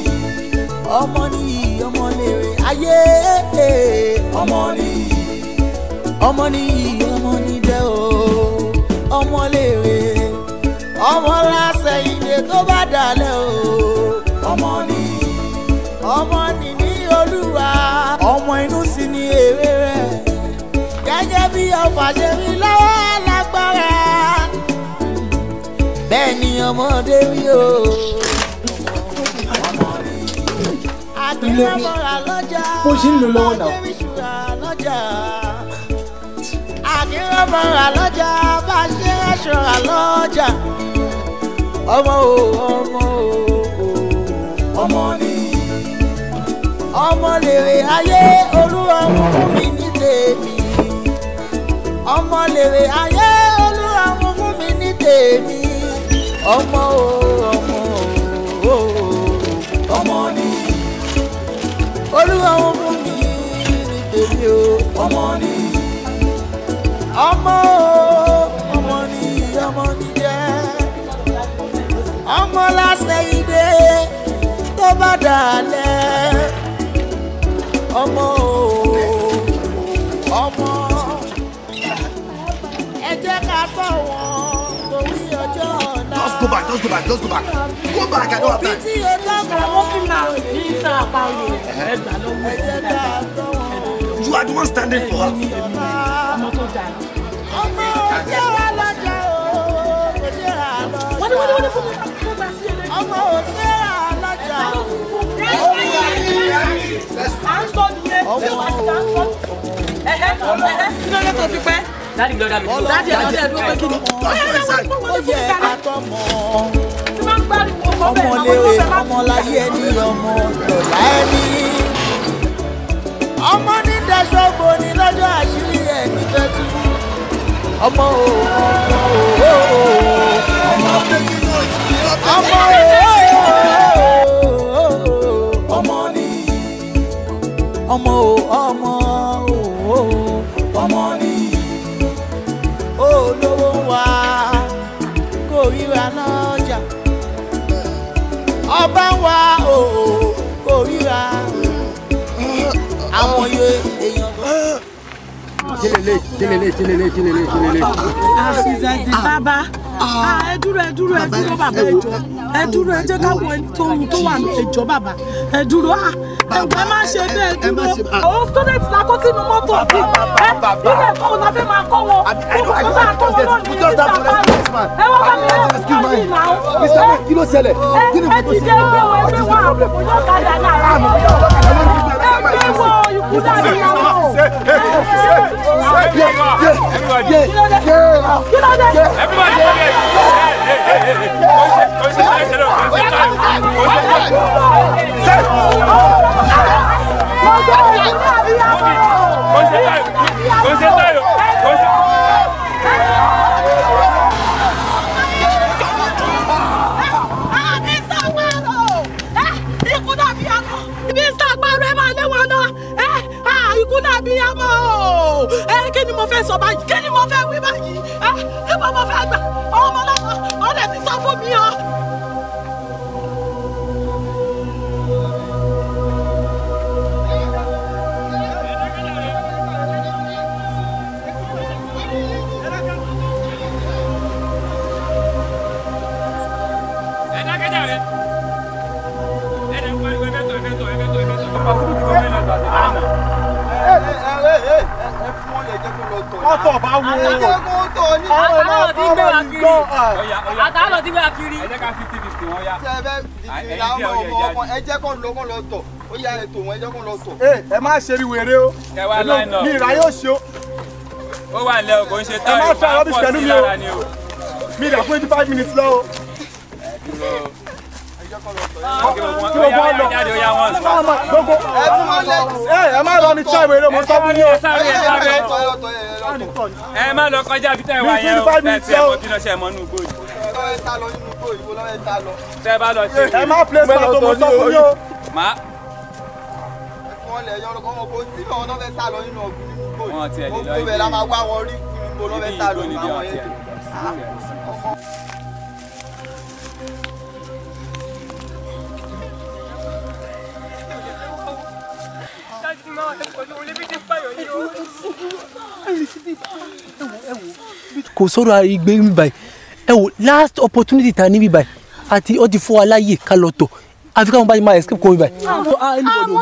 ọmọ nìyí ọmọ lèrè ayé ọmọ nìyí ọmọ nìyí ọmọ ní dá o ọmọ lèrè ọmọ lásẹ̀yìndé tó bá dalẹ̀ o ọmọ nìyí. fàṣẹrí lọ́wọ́ lágbára bẹ́ẹ̀ ni ọmọdé rí o. ilé bó ṣe ń lò lọ́wọ́ náà. akínrọ́mọ́ra lọ́jà bá ṣe é ṣọ́ra lọ́jà ọmọ o ọmọ o ọmọ ni ọmọ lèrè ayé olúwa mú mi ní tèmi ọmọ lèrè ayé olúwa mú fún mi ní tèmi ọmọ o ọmọ o ọmọ ni olúwa mú fún mi ní tèmi o ọmọ ni ọmọ o ọmọ ni ọmọ ni jẹ ọmọ lásẹ̀ yìí tó bá dà lẹ́ ọmọ o. Just go back, just go back, just go back. Go back, I don't have time. You are the one standing for us. her. What do you want to do? ọmọ òṣè alájà ọmọ òṣè alájà láti gbọ́dọ̀ mi. láti ẹ̀ lọ́dẹ̀ dúró pé kí ni. ọyẹ àtọmọ ọmọ lọ́la ẹni. ọmọ ni lọ́jọ́ àṣírí ẹ̀ fẹ́ tú. ọmọ o ọmọ o ọmọ ọmọ ọmọ ni ọmọ o wá kò ríra lọ́jà ọba wá o kò àwọn yóò èyí kílélẹ̀ kílélẹ̀ kílélẹ̀ ẹ dúró jẹ́ káwọn ẹgbẹ́ ah, má ṣe bẹ́ẹ̀ náà. ẹ ti jẹ́ wọ́n ẹgbẹ́ wọn Everybody! Everybody! Concentrayo, concentrayo, concentrayo. kí ni mo fẹ́ sọ báyìí kí ni mo fẹ́ wí báyìí ah, ẹ ẹ bọ́ mo fẹ́ gbà ọmọ náà ọ̀rẹ́ ti sọ fún mi o. ọkọ̀ bá wo àtàlọ́ ti gbé wa kiri àtàlọ́ ti gbé wa kiri. ẹ jẹ́ ká fifty fifty wọn ya. sẹ́ẹ̀bẹ̀ dìde làwọn ọmọ ọmọ ẹ jẹ́ kó lọ kó lọ tọ̀ ó yà ètò wọn ẹ jẹ́ kó lọ tọ̀. Eh, o mi ìrà yóò ṣe o. ó wà nílẹ̀ o kò ń ṣe táyì máa o. mi ìrà fún eighty five minutes lọ o ẹ má lọ kọjá bí tẹ wá yẹn o bẹ́ẹ̀ tí ẹ mọ kí lọ ṣe mọ nínú gbòòyì. tẹ bá lọ ṣe ẹ má place pàtó mo sọ fún yín o. má. wọn lè yọrọ kọ́ mọ kó tí lọ́wọ́ tó fẹ́ sá lọ nínú ọ̀gbìn nínú gbòòyì. wọn tiẹ̀ lè lọ ibi ìgbò níbi ọ̀tí ẹ̀ kò sọ̀rọ̀ igbe ń báyìí ẹ wò last opportunity ta níbí báyìí àti ó ti fún wa láàyè ká lọ tọ̀ àfi káwọn bá máa escape kó ah, ah, ah, mi báyìí. àwọn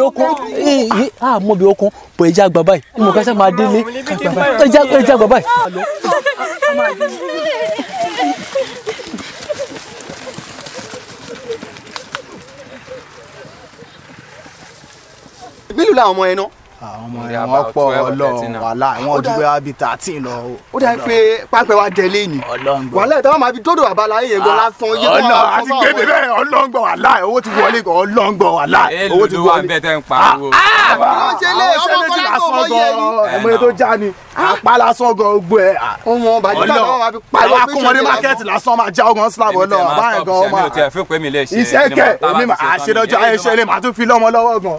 okun àmọ́ eh, eh, okun bọ̀ ẹja àgbà báyìí ìmọ̀ máa délé ẹja àgbà báyìí. mélòó làwọn ọmọ yẹn náà àwọn ọmọ ẹ wọn pọ̀ Ọlọ́run wàhálà àwọn òdìbò àbí thirteen lọ. ó dà pé pápẹ́ wa dẹ̀ lé ni wàhálà ìtàn máa fi dódò àbálá yìí yẹn gbọ́lá ah, fún yé wọn. ọlọ́run àti gbèdé bẹ́ẹ̀ ọlọ́ngbọ̀n wàhálà owó ti wọlé gan ọlọ́ngbọ̀n wàhálà owó ti wọlé. èlò wa bẹ tẹ ń pariwo. àwọn sẹ́lẹ̀tì mákẹ́tì lásán máa já ogun slab ọlọ́run báyẹn gan ọmọ. Ah. iṣẹ́ kẹ̀ èmi àṣẹ lọ́jọ́ ayẹṣẹ́ lè má tún fi lọ́mọ lọ́wọ́ gan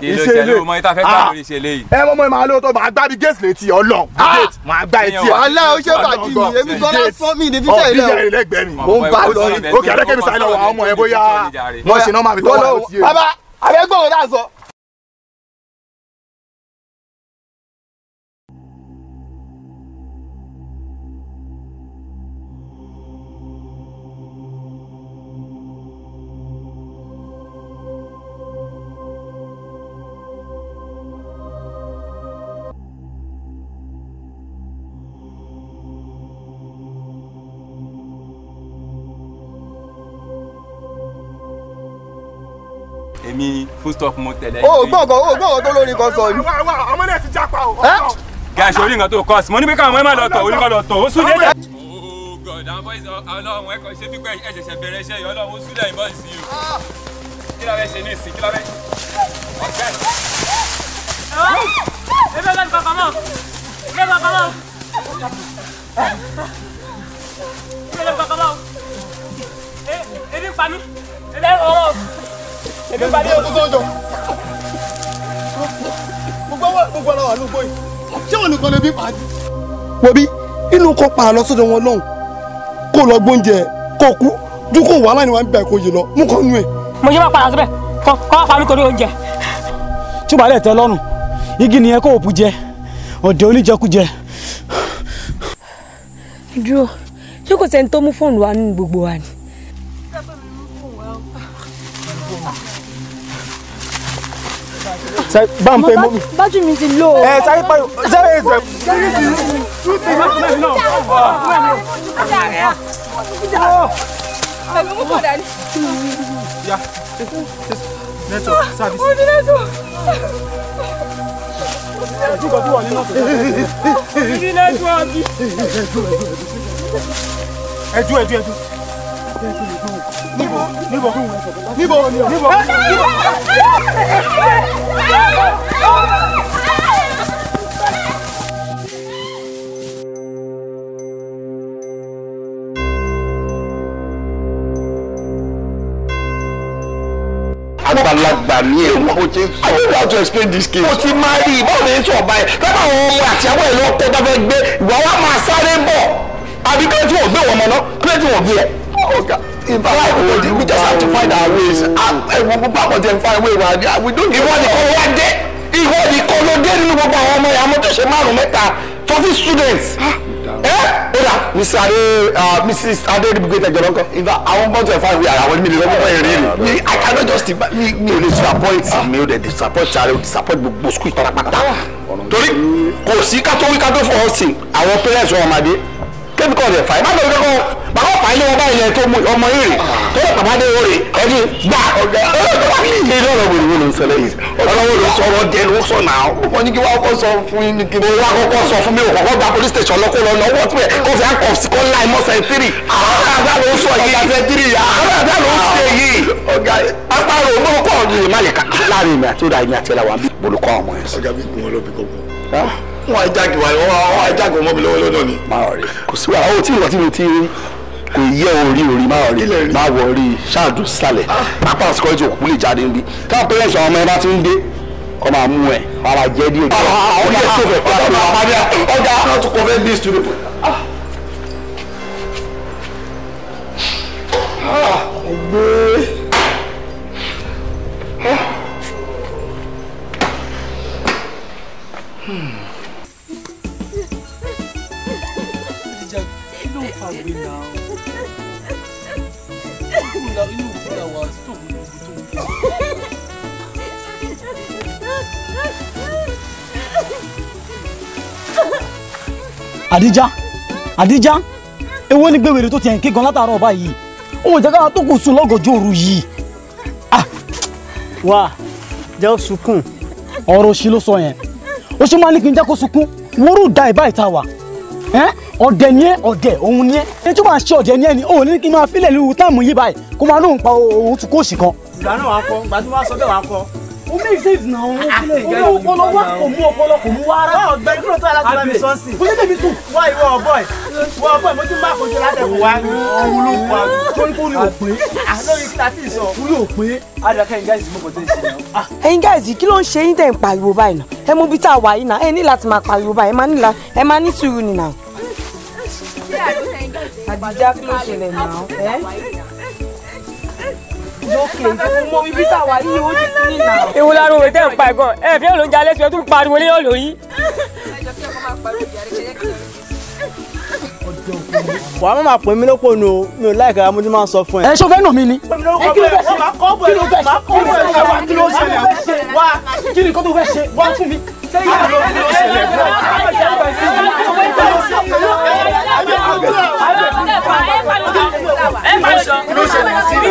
iṣẹ́ lè ẹ mọ mọ ìmọ̀ alẹ́ tó bá gbá bí gate létí ọlọ ah! máa gbá etí ẹ. ọlá o ṣe bàjẹ́ mi èmi tó lọ fọ́ mi ní fífẹ́ ilẹ̀ ọ̀bí yẹn lẹ́gbẹ̀ẹ́ mi. mo ń bá lọ ní. òkè adékèmí sáyẹn lọ wà ọmọ ẹ bóyá wọ́n ṣe náà máa fi tọ́wọ́ àwọn ti yé. bàbá abẹ́gbọ̀n náà sọ èmi full stop mo tẹ̀lé. o gbọ́ngàn o gbọ́ngàn tó lórí kan sọ ni. ọmọ náà ti jápa o. gàṣẹ orí nǹkan tó kọ́ sí mo ní pé káwọn ọmọ ẹ má lọ tọ̀ orí kan lọ tọ̀ o god àwọn boys ọlọ́run ẹ kàn ṣe pípẹ́ ẹ ṣẹ̀ṣẹ̀ bẹ̀rẹ̀ iṣẹ́ yìí ọlọ́run ó sún lẹ́yìn bọ́ọ̀lù sí i o. kí la fẹ́ ṣe ní ìsìn kí la fẹ́ ọ̀gá ẹ̀. ebe lọ ìfọkàn mọ́ ebe lọ ìfọkàn mọ́ ebe lọ ìfọkàn mọ́ ebi pa mí ebe ọ̀rọ̀ èmi bá dé ọdún sọ́jọ́ gbogbo wọn gbogbo ọlọ́wọ́ ló gbóyè ṣé wọn nìkan lè bí pa á. wo bí inú kọ pa àlọ sọ́dọ̀ wọn lọ́hùn kó lọ gbóúnjẹ kó kú dúkọ wàhálà ni wọn gbà kó yè lọ mú kàn nú ẹ. mo yẹ máa padà síbẹ̀ kọ́ kọ́ wá pa mí kò ní oúnjẹ. tí o bá lè tẹ́ lọ́rùn igi nìyẹn kó òpù jẹ ọ̀dẹ̀ oníjẹkújẹ. dúró ṣé kò sẹ́ni tó wa nínú gbogbo wa ni. sẹ bá ń pe mọ́mí. bájú mi ti lò. ẹ sáré pariwo zero eight zero. zero eight zero two three one two nine náà. ẹ̀mí mú padà ní. ya network service. mo ní network. ojú kan tó wà nínú ọ̀sẹ̀. mo ní network. ẹjú ẹjú ẹjú àgbàlagbà ni èèwọ̀. o ti sọ I don't know how to explain this case. o ti máa rí i báwo ni sọ ọba yẹn lọ́dọ̀ àwọn ọmọ àti àwọn ìlú ọkọ̀ tó fẹ́ gbé ìwà wa máa sáré bọ̀ àbí kí wọ́n ti wọ́n gbé wọn mọ̀ náà kí wọ́n ti wọ́n gbé wọn ọ̀gá in fact we just have to find our ways ẹ̀wọ̀n gbogbo àwọn ọ̀dẹ̀ ń fa ìwé wa we don't. ìwọ nìkan wá dé ìwọ nìkan ló dé nínú gbogbo àwọn ọmọ yàrá mọ́tò ṣe márùn-ún mẹ́ta forty students. ẹ ọ̀dà mrs ade ah, mrs ade ibùgbé tẹ̀jọ́ lọ́kọ̀ in fact àwọn mọ́tò ẹ̀fà ìwé ara wọn ní mi lè lọ́kọ̀ ẹ̀rí rẹ̀ i cannot just mi mi ò lè disappoint ah. mi ò lè disappoint ṣàlẹ̀ ò disappoint gbogbo school ìtara pátá ah. torí kò sí kátó wí kátó fún ọ̀sìn àwọn parents wọn ọmọdé kébi kọ́ ọ̀dẹ̀ fà yín má lọ lọ́kọ́ bàbá fà lọ́wọ́ báyìí lẹ́yìn tó ọmọ èrè tó lọ pàmádé orè ẹni gbà ọ̀gá ilé ọ̀rọ̀ wo ni wọ́n ń ṣẹlẹ̀ yìí ọ̀rọ̀ wo ló sọ ọ̀rọ̀ jẹ́ ló sọ náà wọ́n ní kí wọ́n kọ́ sọ fún yín ní kíni. wọ́n akọ́kọ́ sọ fún mi òkò kọ́ gba police station lọ kó lọ lọ wọ́n tilẹ̀ kó fi akọ̀ sí kọ́ láì mọ́sẹ̀ tírì. ọ̀gá ló sọ yìí ọ̀gá ló ṣe yìí. ọ̀gá apárò mọ́ kọ́ ọ̀dùn ìmọ̀lẹ̀ká láàrin ìmọ̀ àti ìrọ̀ àyìn àti ìlàwọ̀ àbí. bolokọ́ ọmọ yẹn sí. ọ̀gá mi kún ọ lọ bí kọ̀ọ̀kan wọn ajáàgì wa wọn wọn ajáàgì wọn mọbi lọ́wọ́ lọ́nà ni. máa rí kò sí wàhálà ó tí ìwọ tí mo ti kò yẹ orí orí máa rí máa wọ orí ṣáàdù sálẹ̀ ah. pápá àsìkò ẹjọ́ òkú lè jáde níbi táwọn pẹrẹsì àwọn ọmọ ẹ ti ń dé kọ máa mú ẹ wàá máa díẹ̀ díẹ̀. ọjà ọjà àpàdé ọjà àti kọfẹ bí studio. Ah. Ah. ọgbẹ́. àdíjá àdíjá èwo ni gbèwèrè tó ti ẹ̀ e ń ké gan látàárọ̀ báyìí ó jẹ́ káwa tó kù sùn lọ́gọ̀jọ́ òru yìí. Ah. wà á jẹ́ ó sunkún. ọ̀rọ̀ òṣì ló sọ yẹn ó ṣe máa ní kí n jẹ́ kó sunkún wóró da ẹ̀ báyìí ta wà ọ̀dẹ̀ ni ẹ ọ̀dẹ̀ òun ni ẹ ẹni tó máa ṣe ọ̀dẹ̀ ni ẹ ni òun ní kí n máa fílẹ̀ lu táàmù yìí báyìí kó máa lóun pa òun tún kóòsì kan. ìgbà náà wàá kọ ìgbà tí wàá sọ bẹ́ẹ̀ wàá kọ o make sense na o kílẹ̀ o ọpọlọ wa kò mú ọpọlọ kò mú wàrà. wọ́n ọ̀gbẹ́ kúrò tó aláṣọ bá mi sọ sí. kò yẹ tù. wọ́n ìwọ ọ̀bọ̀ ẹ̀ wọ ọ̀bọ̀ ẹ̀ mo ti máa kojú ládẹ́ kò wá ọ̀hún ló pa torí kúrò ò pé. lórí kíta sọ. kúrò ò adaka ẹ̀yin guys mo kò tẹ́ ṣe náà. ẹ̀yin guys kí ló ń ṣe yín tẹ̀ ń pariwo báyìí náà ẹ mú bí tá a wà yìí náà ẹ ní láti máa pariwo báyìí ẹ ewu lárú wo tẹ́ ń pa ẹ̀gàn ẹ̀ fi òun jalè sí ọ tún pariwo lé yóò lórí. wà á má máa pè mí lóko nu o mi ò láìka amúdí máa ń sọ fún ẹ. ẹ sọfẹ́ nù mí ni. kí ló fẹ́ ṣe kí ló fẹ́ ṣe wá kí ló ṣẹlẹ̀ wá kí ni kó tó fẹ́ ṣe wá fún mi. sẹ́yìn àlọ́ kí ló ṣẹlẹ̀ wá kí ló fẹ́ ṣe wá. ẹ má lọ sí i.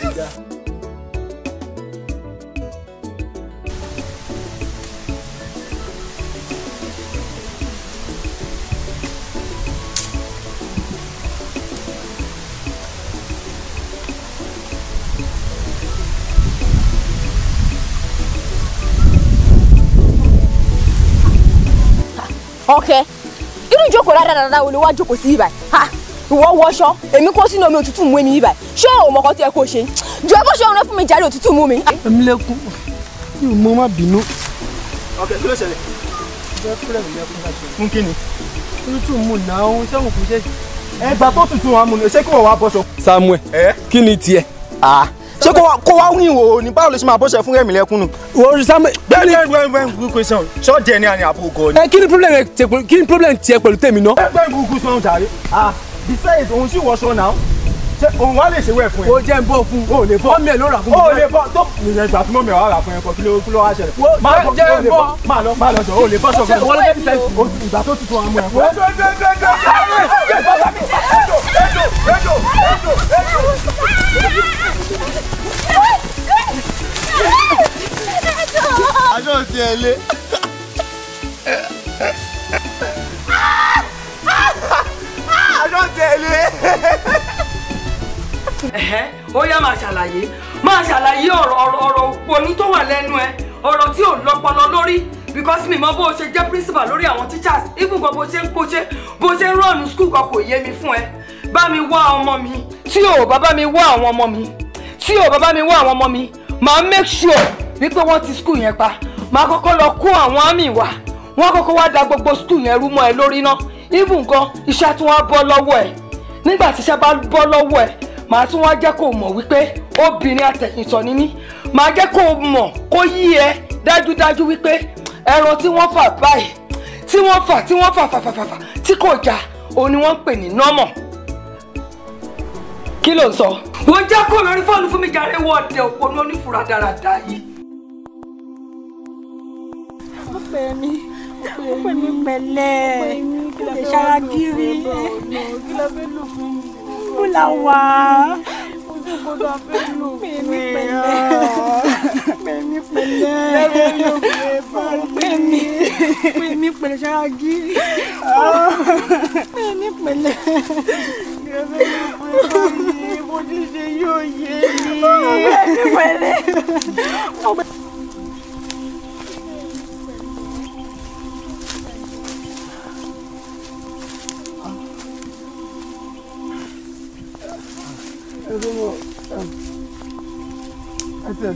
dáadáa. ọkẹ irú ìjókòó rárá rárá olùwájókòó sí ha ìwọ wọṣọ èmi kó sínú omi òtútù mú èmi yíbàá ṣé òun mọ̀kọ́ tí ẹ kó ṣe jù ẹ bó ṣe rán fún mi jáde òtútù mú mi. èmi lẹkùn yóò mọ má bínú. ọkẹ kí ló ṣẹlẹ̀. jẹ fúlẹ̀ mi lẹkùn láti. fún kí ni. tútù mú náà òun sẹ́wọ̀n kò ṣe. ẹgbà tó tutù wọn mú ni ṣé kí wọn wá bọ́ṣọ. Samuel kí ni tiẹ̀ ṣé kó wá ní ìwò ní báwo ló ṣe máa bọ́ṣẹ̀ fún Rẹ̀mí lẹ́kún nù. orí Samuel. bẹ́ẹ̀ ni bẹ́ẹ̀ bẹ́ẹ̀ gbogbo sọ̀rọ̀ ṣọ́ọ̀dì ẹni àní àbúrò gan ni. ẹ kí ni problem tiẹ̀ pẹ̀lú tèmi náà. bẹ́ẹ̀ bẹ́ẹ̀ gbogbo sọ̀rọ̀ jàre besides òun sì wọṣọ náà ṣe òun wá lè ṣe wẹ̀ fún ẹ. o jẹ́ n bọ́ fún o lè bọ́ mọ́mí ẹ̀ ló rà fún mi. o lè bọ́ tó ìyẹn ìgbà tí mọ́mí ẹ̀ wá rà fún ẹ kọ kí ló kí ló wá ṣẹlẹ̀. o jẹ́ n bọ́ máa lọ máa lọ jọ o lè bọ́ sọ̀gbọ́n. wọ́n lè fi sẹ́yìn o ti ìgbà tó tutù àmú ẹ̀ fún. àjọ ti ẹ lé. ó yá máa ṣàlàyé máa ṣàlàyé ọ̀rọ̀ ọ̀rọ̀ ọ̀rọ̀ òpònú tó wà lẹ́nu ẹ ọ̀rọ̀ tí ò lọ́pọlọ lórí because mi mọ bó o ṣe jẹ́ principal lórí àwọn teachers even gan bó ṣe ń pọ́ṣẹ́ bó ṣe ń rọ̀nù school kan kò yé mi fún ẹ bá mi wá ọmọ mi tí ò bá bá mi wá àwọn ọmọ mi tí ò bá bá mi wá àwọn ọmọ mi màá make sure wípé wọ́n ti school yẹn pa màá kọ́kọ́ lọ kó àwọn àmì wá wọ́n kọ́kọ́ wá da gbogbo school yẹn rú mọ́ ẹ lórí náà even gan iṣẹ́ tí wọ́n á bọ́ lọ́wọ́ ẹ nígbà tí iṣẹ́ bá bọ́ lọ́wọ́ ẹ màá tún wá jẹ́ kó mọ̀ wípé obìnrin àtẹ̀yìntọ̀ ni mí màá jẹ́ kó mọ̀ kó yí ẹ dájúdájú wípé ẹran tí wọ́n fà báyìí tí wọ́n fà tí wọ́n fà fàfàfà tí kò já òun ni wọ́n ń pè ní nọ́mọ̀ kí ló ń sọ. wọ́n jẹ́ kó lórí fóònù fún mi jàre wọ ọ̀dẹ̀ òpó ní onífura dáradára yìí. ó pè mí ó pè mí pẹ̀lẹ́ ó pè mí kí ló fẹ́ lò fún mi. Kau lawa. Kau bodoh apa lu? Meme pendek. Meme pendek. lagi. Meme pendek. Meme pendek. Meme pendek. Meme ẹdúró ẹtì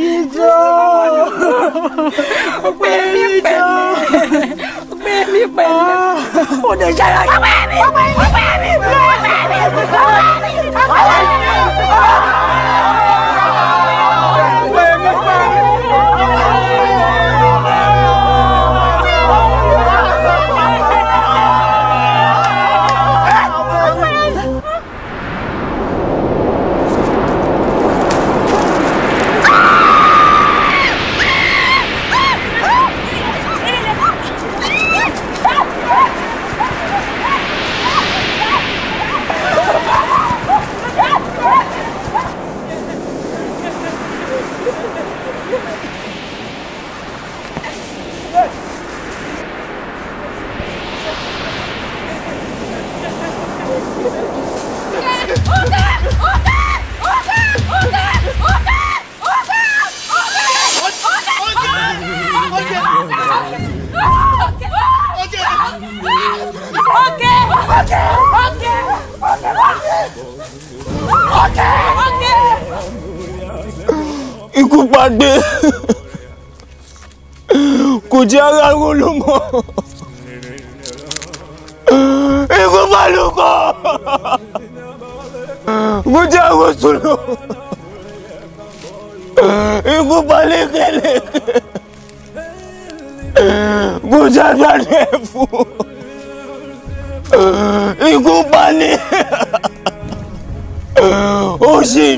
ìjọ ọpẹ́ mi pẹ̀lẹ́ ọpẹ́ mi pẹ̀lẹ́ ọdẹ ah. ṣayọ ọpẹ́ mi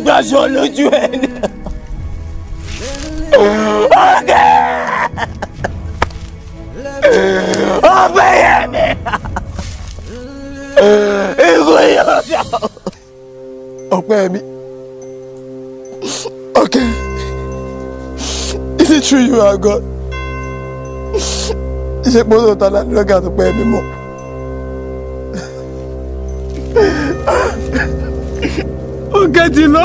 gbaṣọ lójú ẹ ní. ọ̀gá ọ̀gbẹ́ yẹn mi ikú yóò dà o. mi okay is it true you are God? ṣe pọ́sọ̀ tala ní ọ̀gá tó pẹ́ mi mọ́. ọ̀gá ti lọ.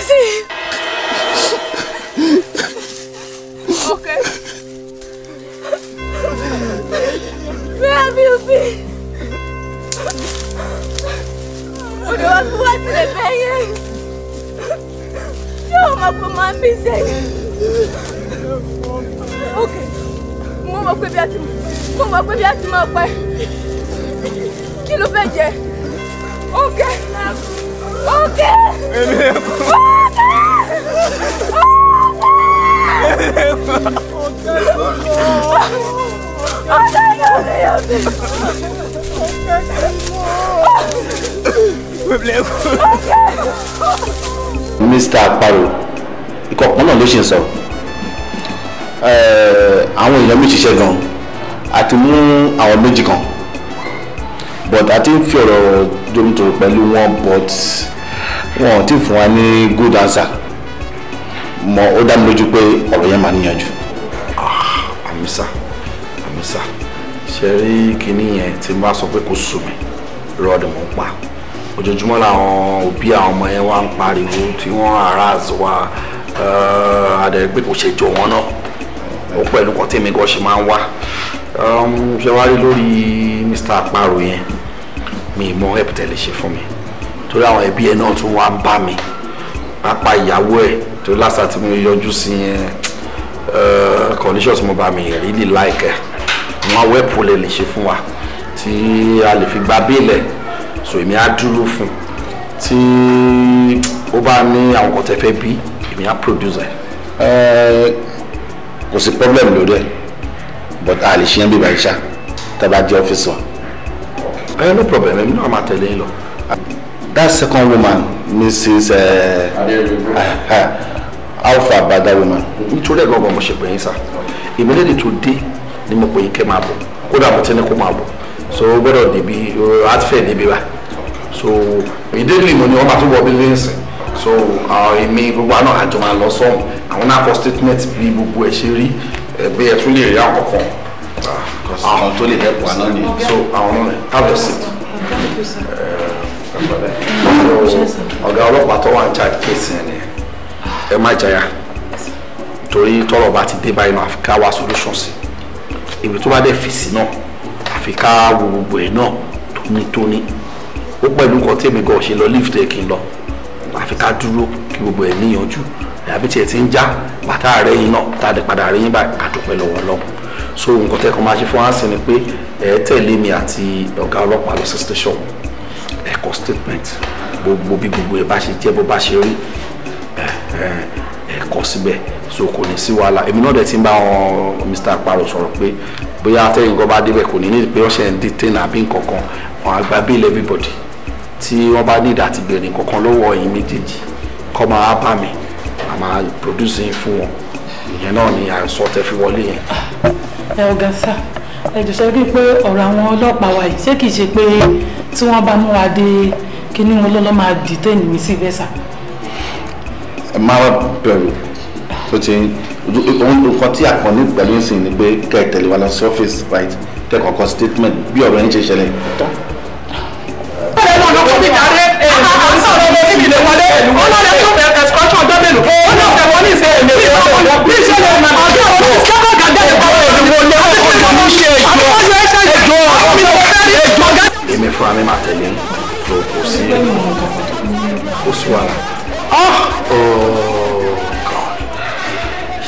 sile beye. Yo ma po ma Okay. Mo mọ̀ pé bí a ti mo mọ̀ pé bí a ti Okay. Okay. Okay. Okay. Okay. Okay. Mr. Aparo ikọ̀ kan náà ló ṣe ń sọ àwọn èèyàn mi ṣiṣẹ́ gan a ti mú àwọn méjì kan but a ti ń fi ọ̀rọ̀ jomitoro pẹ̀lú wọn but wọn ò tí fún wa ní good answer mọ ó dá mi lójú pé ọ̀rọ̀ yẹn máa níyànjú. àmísà ah, àmísà ṣe rí kinní yẹn tí n bá sọ pé kò sùn mí rọ́ọ̀dù mọ́ pa ojoojúmọ́ làwọn òbí àwọn ọmọ yẹn wá ń pariwo tí wọ́n aráàz wa uh, adẹ̀rẹ́ pé kò ṣe jọ wọn náà ó pẹ̀lú kan tèmi gan ṣe máa ń wá um, ṣe wá rí lórí Mr. Aparo yẹn mi ì mọ help ṣe fún mi torí àwọn ẹbí ẹ náà tún wá ń bá mi pápá ìyàwó ẹ torí lásà tí mo yọjú sí yẹn uh, conditions mo bá mi really like ẹ wọn wẹ́pù lè lè ṣe fún wa tí a lè fi gba bílẹ̀ so èmi á dúró fún tí ó bá ní àwọn kan tẹ fẹ́ bí èmi á producer ẹ eh, kò sí problem lórí ẹ but a lè ṣiyẹn bíbá iṣá tá a bá jẹ ọ́fíìsì wa. ẹ no problem èmi náà máa tẹ̀lé yín lọ. that second woman mrs eh, ah, ah, alpha bada woman. nítorí ẹ̀ gbọ́dọ̀ mo ṣe pè yín sá ìmọ̀lẹ́dẹ̀ tó dé ni mo pè yín kẹ́ máa bọ̀ kódà mo ti ní kó máa bọ̀ so ó gbọ́dọ̀ débi o ti fẹ́ débi wa so immediately mo ní wọ́n máa tún wọ bílíọ̀nù sìn so èmi gbogbo àná àjọ máa lọ sọ́hùn àwọn náà kọ statement bí gbogbo ẹ̀ ṣe rí ẹgbẹ́ ẹ̀ tún lè rí àwọn kankan àwọn tó lè help wa náà ni so àwọn náà have your seat ọ̀gá ọlọ́pàá tó wà ń charge case yẹn ni ẹ má jẹyà torí tọ́rọ̀ bá ti dé báyìí náà ká wá solution sí ibi tó bá dẹ̀ fèsì náà àfi ká wo gbogbo ẹ̀ náà tónítóní ó pẹ̀lú nǹkan tí èmi gan ṣe lọ lift ẹ̀ kí n lọ àfi ká dúró kí gbogbo ẹ̀ níyanjú àbí tiẹ̀ ti ń já bàtà rẹ̀ yìí náà tá a lè padà rí yín báyìí àdúpẹ́ lọ́wọ́ Ọlọ́run so nǹkan tẹ́ kan máa ṣe fún hansi ni pé ẹ tẹ̀lé mi àti ọ̀gá ọlọ́pàá lọ sí station ẹ kọ statement gbogbo bí gbogbo ẹ bá ṣe jẹ́ bó bá ṣe rí ẹ kọ síbẹ̀ so kò ní sí wàhálà èmi náà dẹ̀ ti ń bá wọn Mr. Aparo sọ̀rọ̀ pé bóyá atẹ́yìnkọ́ bá débẹ̀ kò ní ní pé wọ́n ṣe ń detain àbí nkankan wọn àgbà bail everybody tí wọ́n bá ní ìdàtí bèrè nkankan lọ́wọ́ ẹ̀yin méjèèjì kọ́ máa bá mi àmà produce yín fún wọn ìyẹn náà ni àìsàn tẹ fi wọlé yẹn. ẹ ọ̀gá sá ẹ jọ sọ wípé ọ̀rọ̀ àwọn ọlọ́pàá wa yìí ṣé kìí ṣe pé tí wọ́n bá mú wa dé kíní wọn lọ́lọ́ máa detain mi sí ìbẹ́sà. ẹ má bẹ̀rù tó ti nǹkan tí àkànní pẹ̀lú ìsìn ni pé kẹ́ ẹ tẹ̀lé wa lọ sí ọ́fíìsì right kẹ́ ẹ statement bí ọ̀rọ̀ yín ṣe ṣẹlẹ̀. ọ̀rẹ́ náà ló fi dáre àwọn sọ̀rọ̀ ọmọ níbi ilé wọlé ọlọ́rẹ́ tó fẹ́ ẹ̀sìkọ́ṣọ́ ọjọ́ mélòó ó ní ìṣe èmi ìṣẹ̀lẹ̀ ọ̀gbìn ìṣẹ̀lẹ̀ ọ̀gbìn èmi fúnra mi máa tẹ̀lé kò sí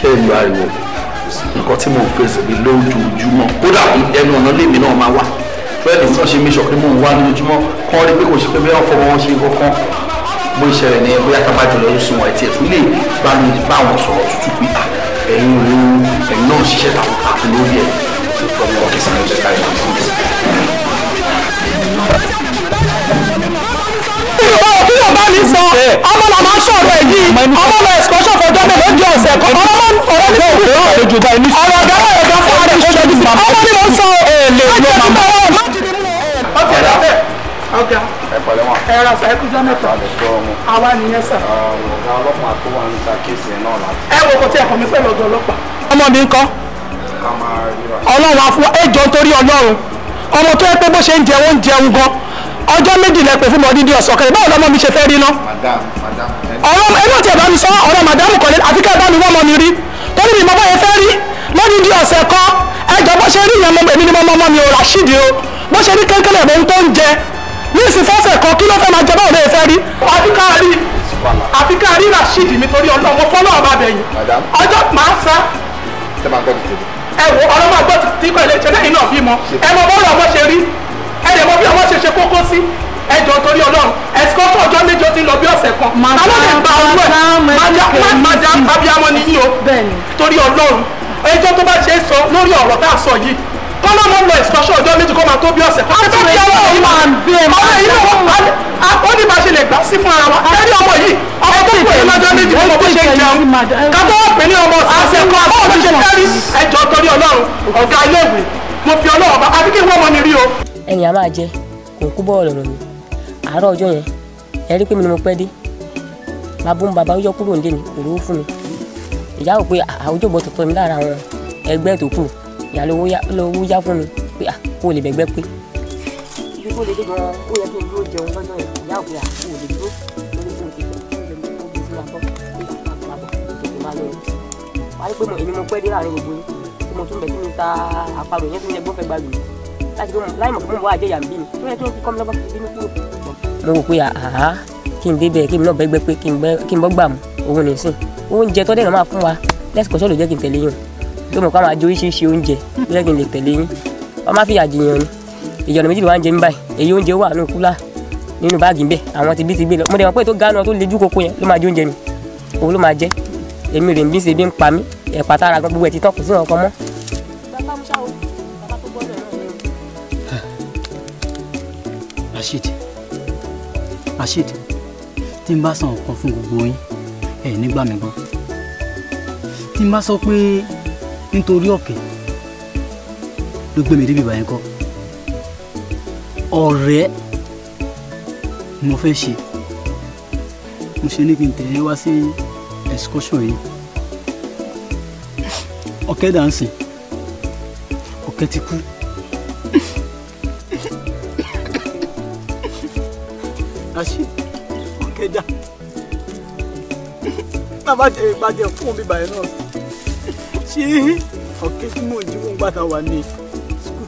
ṣé ìlú ariwo nǹkan tí mo ń mi lójoojúmọ́ kódà ẹnu ọ̀nà lèmi náà máa wà bẹ́ẹ̀ ni wọ́n ṣe mí sọ pé ń wá lójoojúmọ́ kán rí pé kò ṣe pé bẹ́ẹ̀ wọ́n fọwọ́ wọn ṣe kankan bó ìṣẹ̀lẹ̀ ní bóyá ká bá jọlọ wọn ẹtì ẹ̀tún lè bá mi sọ̀rọ̀ tútù pé à ẹ̀yin òun ẹ̀yin náà ṣiṣẹ́ tàwọn àti lórí ẹ̀ ní sọ ọmọ làmá sọ̀rọ̀ ẹ̀ yìí ọmọ lọ excursion for jọ́nà lójú ọ̀sẹ̀ kan ọmọ mọ ọ̀rọ̀ ní kò tó ọ̀rọ̀ ọ̀gá ọ̀gá fún ara rẹ̀ ṣojú sí ọmọ ní mo sọ èèlè ló máa mọ. ọ̀gá ọ̀gá ẹ̀rọ sọ ẹ̀kú jọ́ mẹ́ta àwa nìyẹn sà. ọ̀gá ọlọ́pàá tó wà ń ta kéèsì náà láti. ẹ wo kò tí ẹ̀kọ́ mi pẹ̀lú ọ̀gá ọlọ́pàá. ọmọ mi ń kọ́ ọlọ́run á fún ẹjọ́ torí ọlọ́run ọmọ tó yẹ pé bó ṣe ń jẹun ń jẹun gan ọjọ́ méjì lẹ́pẹ̀ fún ọdún díẹ̀ sọ̀kẹ́ báwo lọ́mọ mi ṣe fẹ́ rí ná. ọ̀rọ̀ ẹgbẹ́ tí ẹ bá mi sọ ọ̀rọ̀ màdámù kọ̀lẹ́ àti kẹ́ ẹ bá mi wọ́n mọ mi rí torí mi mọ báyẹn fẹ́ rí lọ́dún díẹ̀ ọ̀sẹ̀ kan ẹjọ́ bó ṣe rí ìyẹn èmi ni mo mọ mi ò ràṣídìí o bó ṣe rí kékeré ẹ̀mọ́ ohun tó ń jẹ ní ìsìn fọ́sẹ̀ kan kí ló fẹ́ máa jẹ báwo lóye fẹ́ rí. àfi ká ẹ wo ọlọ́mọ àgbọ̀ tí kò lè ṣe lẹ́yìn náà bímọ ẹ mọ bọ́ọ̀lù ọmọ ṣe rí ẹ dẹ̀ mọ bí ọmọ ṣe ṣe kókó sí ẹjọ torí Ọlọ́run ẹsikọtọ ọjọ́ méjọ ti lọ bí ọ̀sẹ̀ kan táwọn lè gba owó ẹ májá abiyamọ ni yín o torí Ọlọ́run ẹjọ́ tó bá ṣe é sọ lórí ọ̀rọ̀ tá a sọ yìí kọ́lọ́ mọ́ lọ ìsọ̀ṣọ́ ọjọ́ méjì kó máa tó bí ọ̀sẹ̀ kan. àti ìyá ọmọ yìí máa ń bí ẹ máa ń bọ̀. ó ní bá a ṣe lè gbà sí fún ara wa. ẹni ọmọ yìí ọmọ tó pè é lọ́jọ́ méjì kó mọ bó ṣe jẹun. kátó wọ́n pè ní ọmọ ọ̀sẹ̀ kan bó ṣe ẹ̀yìn a máa jẹ kò kú bọ́ọ̀lù ọ̀rọ̀ àárọ̀ ọjọ́ yẹn ẹ rí pé mi ni mo pẹ́ dé bàbá ń bàbá yọ kúrò nílé mi kò lówó fún mi ìyá rò pé àwùjọ bọ̀ tọ̀tọ̀ mi lára àwọn ẹgbẹ́ tó kù ìyá lówó yá fún mi pé kó lè bẹ̀gbẹ́ pé. ibi tó lè dé gan-an ó yẹ kí n dúró jẹun lọ́jọ́ yẹn ìyá òkè àkó lè dúró lórí fún mi wáyé pé èmi mo pẹ́ dé láàrin gbogbo yín tí mo tún bẹ̀ tí mi ta àparò yẹn tí mi ẹgbọ́n gbàgbé láti gbọ́n láì mọ̀ pé wọ́n àjẹyà ń bí mi tó yẹ kí n fi kọ́ mi lọ́gbọ́n fi bínú kúrò. mo rò pé àhá kí n débẹ̀ kí n náà bẹ́gbẹ́ pé kí n bọ́ gbà mú òun lè sìn oúnjẹ tó dẹ̀ náà máa fún wa lẹ́sìkò sọ́ọ̀lù jẹ́ kí n tẹ̀lé yín tó mọ̀ pé àwọn àjọ oríṣiríṣi oúnjẹ jẹ́ kí n lè tẹ̀lé yín wọ́n má fi àjìyàn ni ìjọ̀nà méjì ló wá ń jẹ ń báyìí èyí oúnjẹ wà nínú kúlà nínú báàgì bẹ́ẹ̀ àwọn ti bí ti gbé lọ mo dẹ̀ mọ̀ pé tó gánà tó lejú koko yẹn ló máa jẹ oúnjẹ mi òun ló máa jẹ èmi rè ń bí ṣe bí ń pa mí ẹ̀pà tára gbogbo ẹ̀ ti tán sí ọ̀kan mọ́ rasheed rasheed tí n bá sọ nǹkan fún gbogbo yín ẹ nígbà mi gbọ́ tí n bá sọ pé nítorí ọ̀kẹ́ ló gbé mi débi ìbàyẹn kọ́ ọ̀rẹ́ ni mo fẹ́ ṣe mo ṣe ní kí n tẹ̀lé wá sí excursion yìí ọ̀kẹ́ dànsìn ọ̀kẹ́ ti kú. náà bá jẹ ìbàjẹ́ fún òun bíbá yẹn náà ṣé ọ̀kẹ́ tí mò ń jíwò ń gbàdá wà ní sukù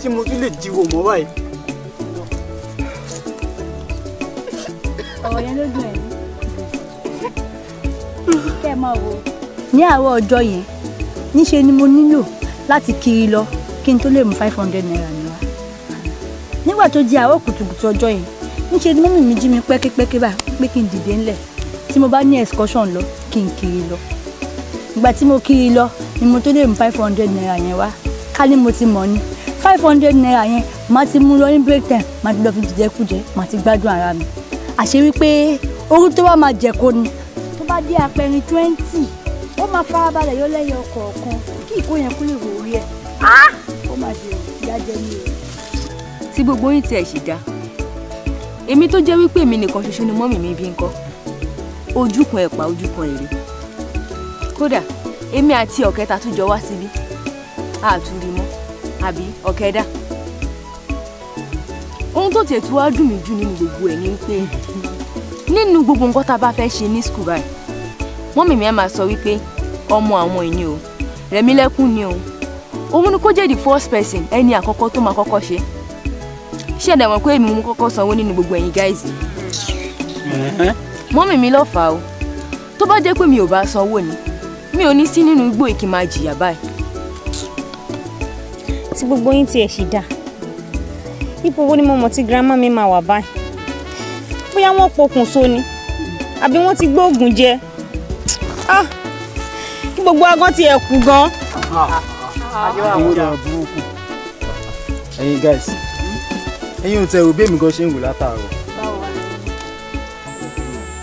ṣé mo tún lè jíwò mọ́ báyìí. ọ̀rọ̀ yẹn ló dùn ẹ̀ kẹ́ ẹ máa wo. ní àárọ̀ ọjọ́ yẹn níṣe ni mo nílò láti kiri lọ kí n tó lè mú five hundred naira mi wá nígbà tó di àárọ̀ kùtùkùtù ọjọ́ yẹn níṣe ni mọ́mì mi jí mi pẹ́kípẹ́kí bá pé kí n dìde ńlẹ̀ tí mo bá ní excursion lọ kí n kiri lọ ìgbà tí mo kiri lọ ni mo tó lè mú five hundred naira yẹn wá ká ní mo ti mọ̀ ni five hundred naira yẹn màá ti mú lọ ní break time màá ti lọ fi jẹjẹkújẹ màá ti gbádùn ara mi àṣé wípé orú tó bá máa jẹ kó ni tó bá dé apẹ̀rin twenty ó máa farabalẹ̀ yọ lẹ́yìn ọkọ̀ ọ̀kan kí ìkó yẹn kú lè wò orí ẹ̀ ah! ó máa ṣe ìdájẹ́ ní o. tí gbogbo yín tiẹ̀ sì dá èmi tó jẹ́ wípé èmi nìkan ṣoṣo ni mọ́mì mi bí ń kọ́ ojú kan ẹ̀pà ojú kan èrè kódà èmi àti ọ̀kẹ́ta tún jọ wá síbí àtúrí mọ́ àbí ọ̀kẹ́dà ohun tó tètè wá dùn mí jù nínú gbogbo ẹ̀ ni pé nínú gbogbo nǹkan tá a bá fẹ́ ṣe ní skul báyìí mọ́mì mi á máa sọ wípé ọmọ àwọn ìní o Rẹ̀mílẹ́kún ni o òun ni kó jẹ́ the first person ẹni àkọ́kọ́ tó máa kọ́kọ́ ṣe ṣé ẹ̀dá wọn pé èmi mo kọ́kọ́ sanwó nínú gbogbo ẹ̀yin guys mọ́mì mi ló fà á o tó bá jẹ́ pé mi ò bá sanwó ni mi ò ní sí nínú igbó ìkí máa jìyà báyìí. tí gbogbo yín tiẹ̀ ṣì dà ipò wo ni mo mọ̀ tí girama mi máa wà báyìí bóyá wọ́n pokùn so ni àbí wọ́n ti gbóògùn jẹ ah, kí gbogbo agán tiẹ̀ kú gan. ẹ̀yin guys ẹ̀yin ò tẹ òbí mi gan ṣe ń wò látàárọ̀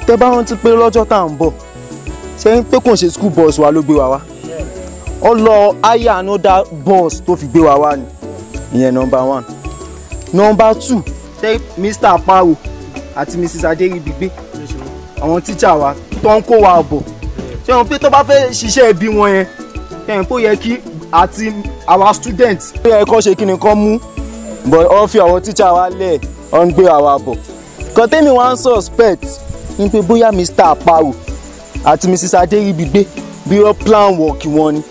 tẹ bá rántí pé lọ́jọ́ tá à ń bọ̀ ṣe ń pé kò ṣe school bus wa ló gbé wa wá ó lọ hire another bus tó fi gbé wa wá ni ìyẹn number one number two tẹ Mr. Paro àti Mrs. Aderibi gbé àwọn tíjà wa tó ń kó wa bọ̀ ṣe wọn pé tó bá fẹ́ ṣiṣẹ́ ẹbí wọn yẹn ẹ̀yìn pé ó yẹ kí àti àwa student ó yẹ kó ṣe kí ni kó mú but ó fi àwọn tíjà wa lẹ̀ ọ́n gbé wa wá bọ̀ kọ́tẹ́mi wá ń suspect ní pé bóyá Mr. Aparo àti Mrs. Adéríbigbé bí wọ́n plan work wọn ni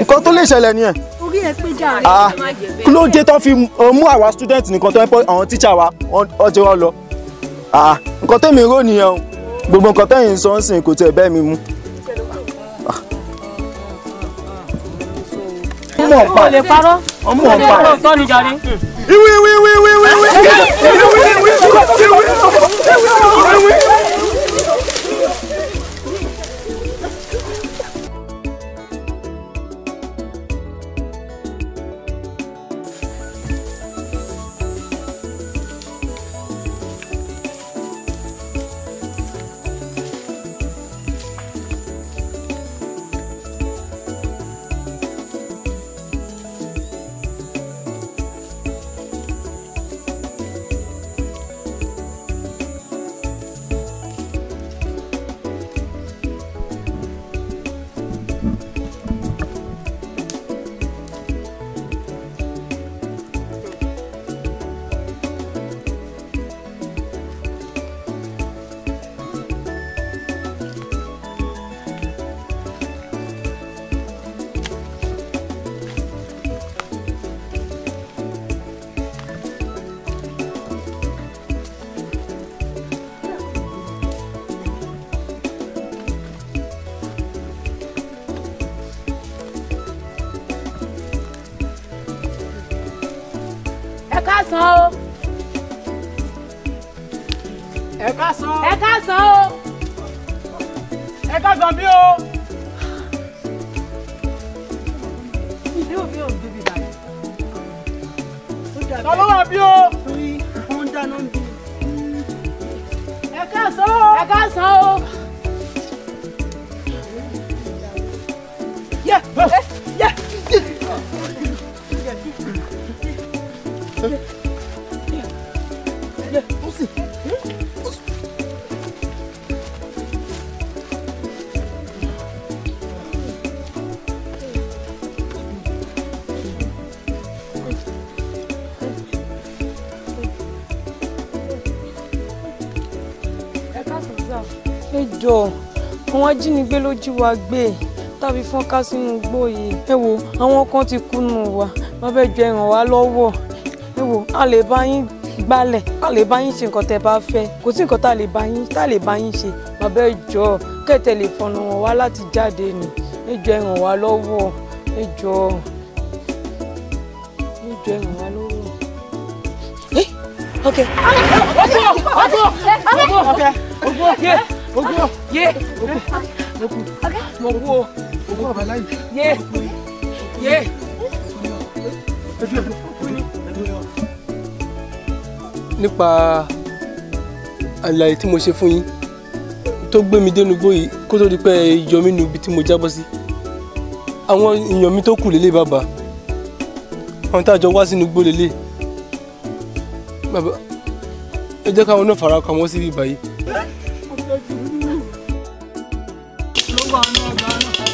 nǹkan tó lè ṣẹlẹ̀ ni ẹ̀ orí ẹ pé jàre ah, ẹ má jẹ bẹ́ẹ̀. kí ló dé tó fi eh, mú àwa student nìkan tó ń pọ àwọn teacher wa ọjọ́ wọn lọ ah, nǹkan tẹ́mi rò nìyẹn o gbogbo nǹkan tẹ́yìn sọ ń sìn kò tiẹ̀ bẹ́ẹ̀ mi mú. Ah. ọmọ ọ̀pá ọmọ ọ̀pá ìwé ìwé ìwé win! We win! We win! We win! We win! sọ àwọn ajínigbé ló jí wa gbé tàbí fọ́nká sínú igbó yìí ẹ wo àwọn kan ti kùnú wa wọ́n fẹ́ jọ ẹ̀ràn wá ẹ wo a lè bá yín gbálẹ̀ a lè bá yín ṣe nǹkan tẹ́ bá fẹ́ kò sí nǹkan tá a lè bá yín tá a lè bá yín ṣe bàbá ẹ kẹtẹ lè fọnà wọn wá láti jáde nì ẹ jọ ẹ̀ràn wá lọ́wọ́ ẹ jọ ẹ jọ ẹ̀ràn wá lọ́wọ́. Okay. Okay. Okay. Okay. Okay. Okay. Okay. Okay. Okay yé mo kú mo kú o mo kú bàbá láyé yé yé. nípa àlàyé tí mo ṣe fún yín tó gbé mi dénú gbóyè kó tó di pé yọ mí nu ibi tí mo jábọ́ sí àwọn èèyàn mi tó kù lélẹ̀ bàbá àwọn táàjọ wá sínú gbó lélẹ̀ bàbá ẹ jẹ́ káwọn náà fara pamọ́ síbí báyìí.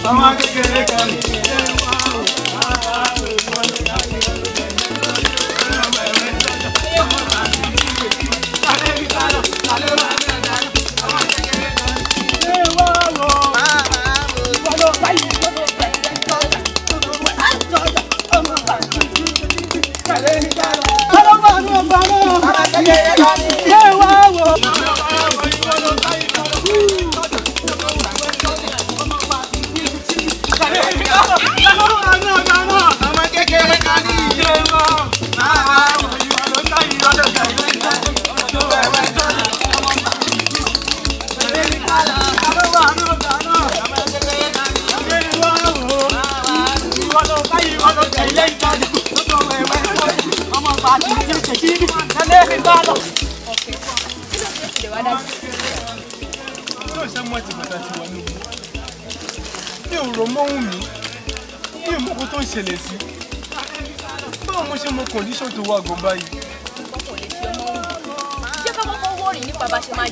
Toma que querer mi ò rò mọ́hún tó ń ṣẹlẹ̀ sí báwo mo ṣe mọ kọ̀ndíṣọ̀n tó wà gan báyìí. jẹ́ ká kọ́kọ́ wọ́ọ̀rì nípa bá ṣe ọmọ òun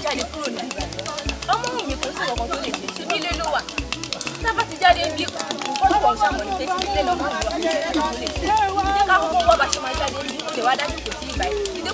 mi kò tó lè ṣe ṣe nílé ló wà tá a bá tó lè jẹ́ ká kọ́kọ́ wọ́ọ̀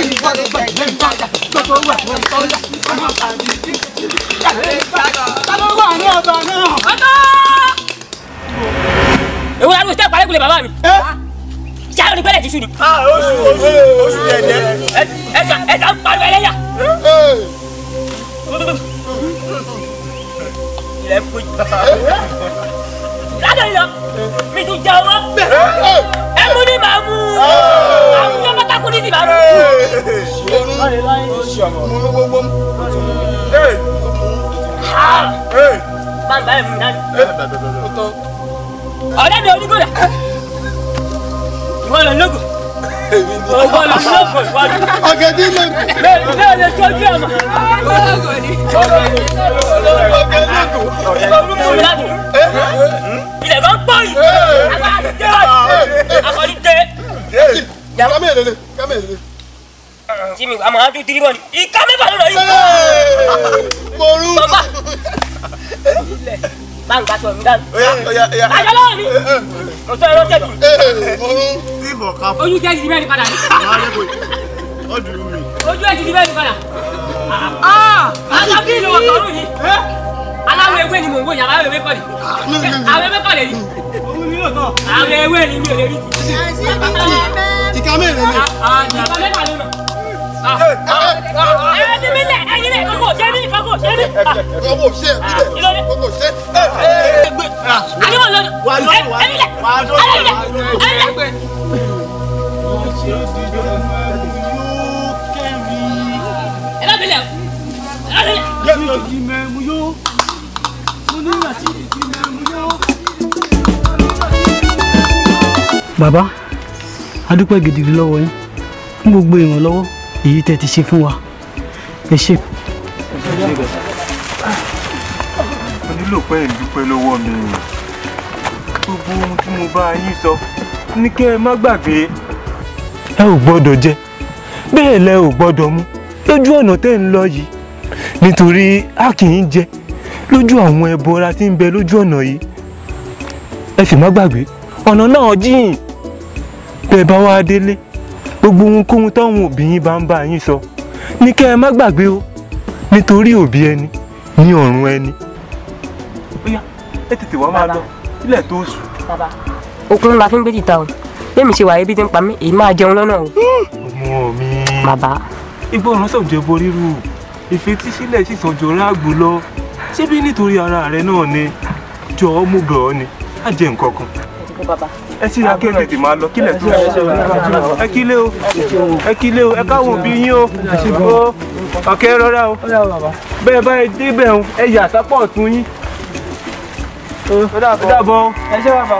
báyìí wà tẹ́ ìpàdé kulẹ̀ bàbá mi. ṣé àwọn olùgbẹ́lẹ̀ ti ṣù ni. oṣù oṣù tẹ̀lé. ẹ̀sà ẹ̀sà ń pariwo ẹlẹ́yà. ilẹ̀ ń pè ládàá yìí lọ mi ti jẹ ọwọ́ ẹ mú ní màá mú àwọn ọmọ kú ní ìsìn bàbá. mo ló gbogbo mu. bàbá yẹn mú mi náà. ọ̀rẹ́ mi onígbòdà ìwọ lọ lógo ìwọ lọ lógo ìwọ lọ. ọ̀gẹ̀dẹ̀ lè kú. bẹ́ẹ̀ lè tọ́jú ẹ̀ mọ̀. lógo ni. ọ̀gẹ̀dẹ̀ lógo. ilẹ̀ bá ń pọ̀ yìí. àgbà àti dé àkọ́ni dé yàrá mi èlé ká mi èlé. jimmy àmọ́ àjù tiribọ̀ ni ìka mẹ́fà ló lọ yìí. mo rú. bàbá ilẹ̀ bá ń gbàtọ̀ mi dànù. àjọ lọ́wọ́ mi mo sọ ẹ̀rọ tẹ̀dù. mo rú. tí ìbọn ká fún. ojú jẹ́ jìbẹ́ ní padà. ọdún mi. ojú ẹ̀ jìbẹ́ ní padà. Ah. Ah, alábí ìlú ọ̀sán lónìí aláwọ̀ ewé ni mò ń wò yàrá ewé kọ́lé. Ah, àwọn ewé kọ́lé yìí lóòótọ́ ààrẹ ewé ni bàbá a dúpẹ́ gidigidi lọ́wọ́ yín fún gbogbo ìrànlọ́wọ́ èyí tẹ́ ti ṣe fún wa ẹ ṣé. mo nílò pé ìdúpẹ́ lọ́wọ́ mi gbogbo ohun tí mo bá yín sọ ní kí ẹ má gbàgbé. ẹ ò gbọ́dọ̀ jẹ bẹ́ẹ̀ lẹ ò gbọ́dọ̀ mu lójú ọ̀nà tẹ́ ń lọ yìí nítorí a kì í jẹ lójú àwọn ẹbọra tí ń bẹ lójú ọ̀nà yìí ẹ sì má gbàgbé ọ̀nà náà jìn bẹ́ẹ̀ bá wá délé gbogbo ohunkóhun táwọn òbí bá ń bá yín sọ ní kẹ́ ẹ má gbàgbé o nítorí òbí ẹni ní ọ̀run ẹni. bóyá ẹ tètè wá máa lọ ilẹ̀ tó sùn. bàbá okun la fi ń gbé jìtá o bẹ́ẹ̀mi ṣe wà ebi tí ń pa mí èyí máa jẹun lọ́nà o. ọmọ mi. bàbá. ìgbọràn sọ̀jẹ̀ boríru ìfetísílẹ̀ sì sọ̀jọ̀ ráàgbò lọ ṣébí nítorí ara rẹ náà ni jọ̀ọ́ mú bọ̀ ọ́ ni á jẹ nǹkan kan. ẹ ti kó bàbá ẹ sì ra kéde tètè máa lọ kílẹ̀ tó ẹ kílé o ẹ kílé o ẹ káwọn òbí yín o o ọ̀kẹ́ rọra o bẹ́ẹ̀ báyìí débẹ̀ ẹ yà sápọ̀ ọ̀tún yín ó dàbọ̀ ẹ ṣé bàbá.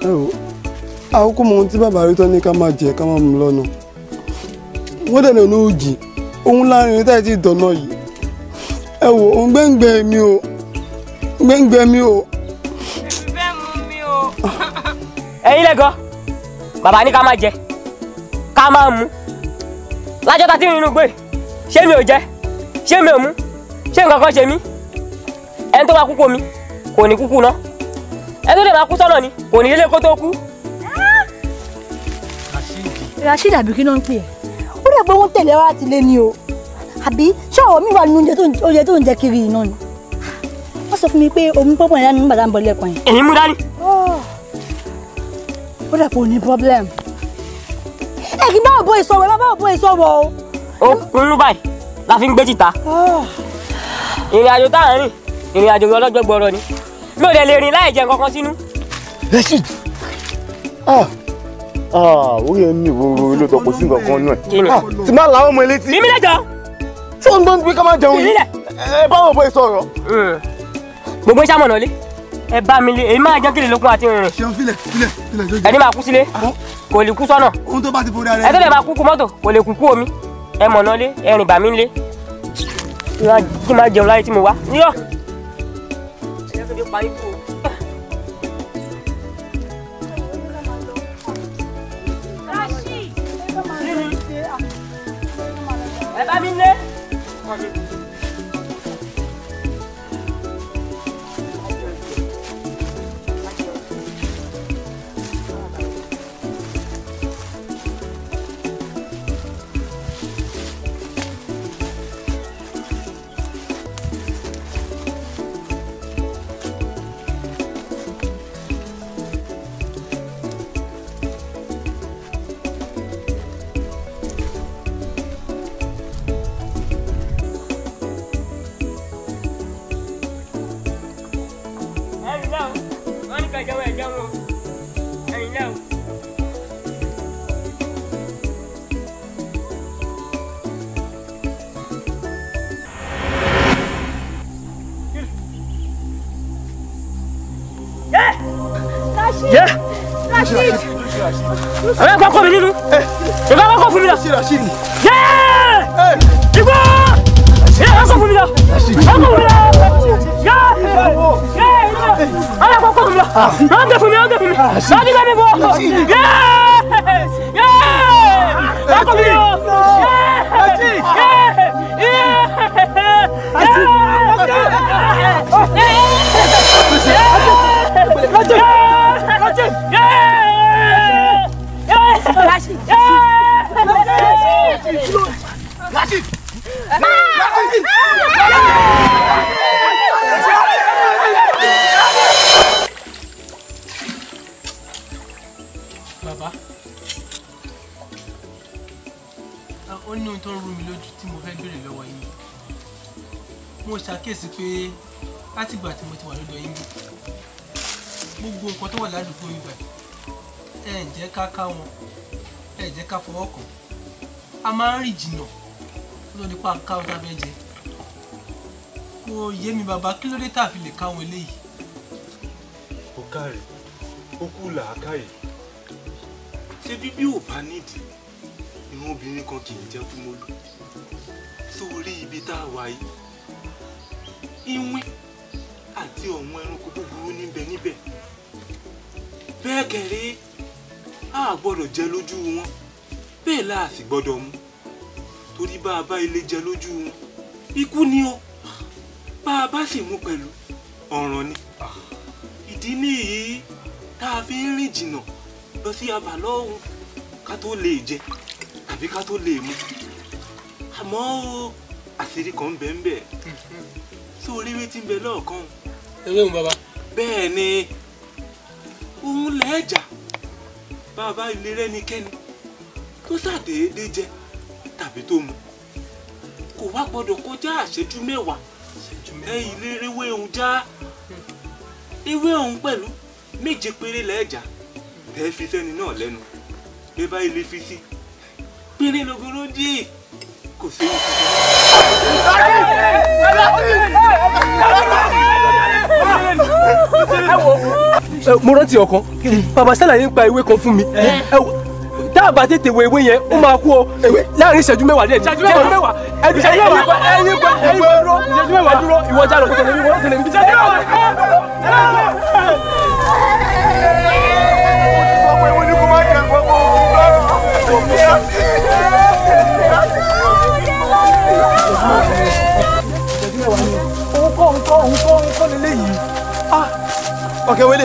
ẹ o àkókò mọ ohun tí bàbá rí tán ní ká máa jẹ ká máa mú lọ́nà wọ́n dẹ̀ lọ́nà òjì òun láàrin mi o gbẹ̀ngbẹ̀ mi o. èmi fẹ́ mú mi o. ẹ̀yin lẹ́gọ̀ọ́ bàbá ní ká máa jẹ ká máa mú lájọ́ tá a ti rìn inú gbé ṣé mi ò jẹ ṣé mi ò mú ṣé nǹkan kan ṣe mí ẹni tó bá kúkú mi kò ní kúkú náà ẹ tó lè máa kú sọ́nà ni kò ní ilé kó tó kú. Rasheed àbí kí ló ń pè é ó dẹ̀ pé wọ́n tẹ̀lé wa ti lé ni o àbí ṣé ọ̀rọ̀ mi wà nínú oúnjẹ tó ń jẹ kiri iná ni wọ́n sọ fún mi pé omi pọ́pọ́ yẹn dání nígbàdá ń bọ̀ lẹ́kọ̀ọ́ yẹn. èyí mú dání. ó dẹ̀ pé o ní problem ẹ kì í bá òbó ìsọ̀rọ̀ ẹ bá òbó ìsọ̀rọ̀ o. ó kúnlú báyìí la fi ń gbé jìtá ah. ìrìn àjò táà ń rìn ìrìn àjò ọlọ́jọ́ gbọ́rọ̀ ni mi ò dẹ̀ lè rìn láì jẹ kankan sínú. Rashid ah, orí ẹni ìwòrò ló tọkọ sí nǹkan náà ah, tí máa làwọn ọmọ elétí. mímí lẹ́jọ́. ṣé òun gbọ́n gbé ká máa jẹun yìí ẹ bá wọn bọ èso ọ̀rọ̀. gbogbo iṣẹ́ àmọ̀nà lé ẹ bá mi lé èyí máa jẹ́ kí lè lókun àti rìnrìn. ṣeun filẹ filẹ filẹ jọjọ. ẹni máa kú sílé ah. kò lè kú sọ́nà. ohun tó bá ti borí ara rẹ. ẹ tó lè máa kú kú mọ́tò kò lè kú kú omi ẹ mọ̀nà lé ẹ rìn bà mí lé kí máa jẹun láyé tí mo wá. 말고 다시 내가 말할게 내가 말할게 에 빠민네? kọ́ mi nínú ìgbà bá kọ́ fún la yéé ìgbà ìyá bá kọ́ fún mi la bá kọ́ fún mi la yéé ala kọ́ kọ́ fún la n'an tẹ fún mi n'an tẹ fún mi mi bọ yéé yéé bá kọ́ fún mi la yéé kíyèsí pé láti ìgbà tí mo ti wà lọ́dọ̀ yín gbogbo nǹkan tó wà ládùúgbò yìí báyìí ẹ jẹ́ ká ká wọn ẹ jẹ́ ká fọwọ́ kàn a máa ń rìn jìnnà lórí pa ká wọn tábẹ́ jẹ kò yé mi bàbá kí ló dé tá a fi lè ká wọn eléyìí. ó káre ó kú làákàyè ṣé bíbí ò bá nídìí ìran obìnrin kan kì í jẹ́ fún mọ́lú sórí ibi tá a wà yìí iwin àti ọ̀wọ́n ẹranko búburú níbẹ̀ níbẹ̀ bẹ́ẹ̀ kẹ̀rẹ́ a gbọ́dọ̀ jẹ lójú wọn bẹ́ẹ̀ la sì gbọ́dọ̀ mu torí bá a bá ilé jẹ lójú wọn ikú ni o bá a bá sì mu pẹ̀lú ọ̀ràn ni ìdí nìyí tá a fi ń rìn jìnnà lọ sí abàlọ́ ká tó lè jẹ tàbí ká tó lè mu àmọ́ àṣírí kan ń bẹ ń bẹ tó oríire ti ń bẹ lọ́ọ̀kan. ẹlẹ́hùn bàbá. bẹ́ẹ̀ ni òun lẹ́ẹ̀jà bàbá ilé rẹ́nikẹ́ni tó ṣàdéédé jẹ tàbí tó mu kò wá gbọ́dọ̀ kọjá àṣẹjú mẹ́wàá ẹ ilé ewé òun já ewé òun pẹ̀lú méje péré lẹ́ẹ̀jà tẹ́ fi sẹ́ni náà lẹ́nu bẹ́ẹ̀ bá ilé fi sí péré logoro díì kò sí mo rántí ọkàn bàbá sálàyé ń pa ewé kan fún mi tá a bá tètè wo ewé yẹn ó máa kú ọ láàrin ìṣẹ́jú mẹ́wàá díẹ̀ ìṣẹ́jú mẹ́wàá ìṣẹ́jú mẹ́wàá ẹ̀yìn pa ẹ̀yìn ìṣẹ́jú mẹ́wàá dúró ìwọ jà lọ kó tẹ̀lé mi wọ́n tẹ̀lé mi. ìṣẹ́jú mẹ́wàá. ọ̀kẹ́ wele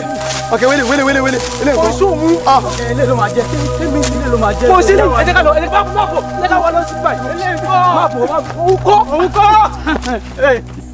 ọ̀kẹ́ wele wele wele wele ilé nǹkan. oṣù mu ah. ah, ilé ló máa jẹ èmi ilé ló máa jẹ. kò sí ní ẹ̀jẹ̀ ká lọ ẹ̀jẹ̀ bá bọ̀ bọ̀ lẹ́ka wà lọ sí báyìí. ilé nǹkan máa bọ̀ máa bọ̀ òun kọ́ òun kọ́.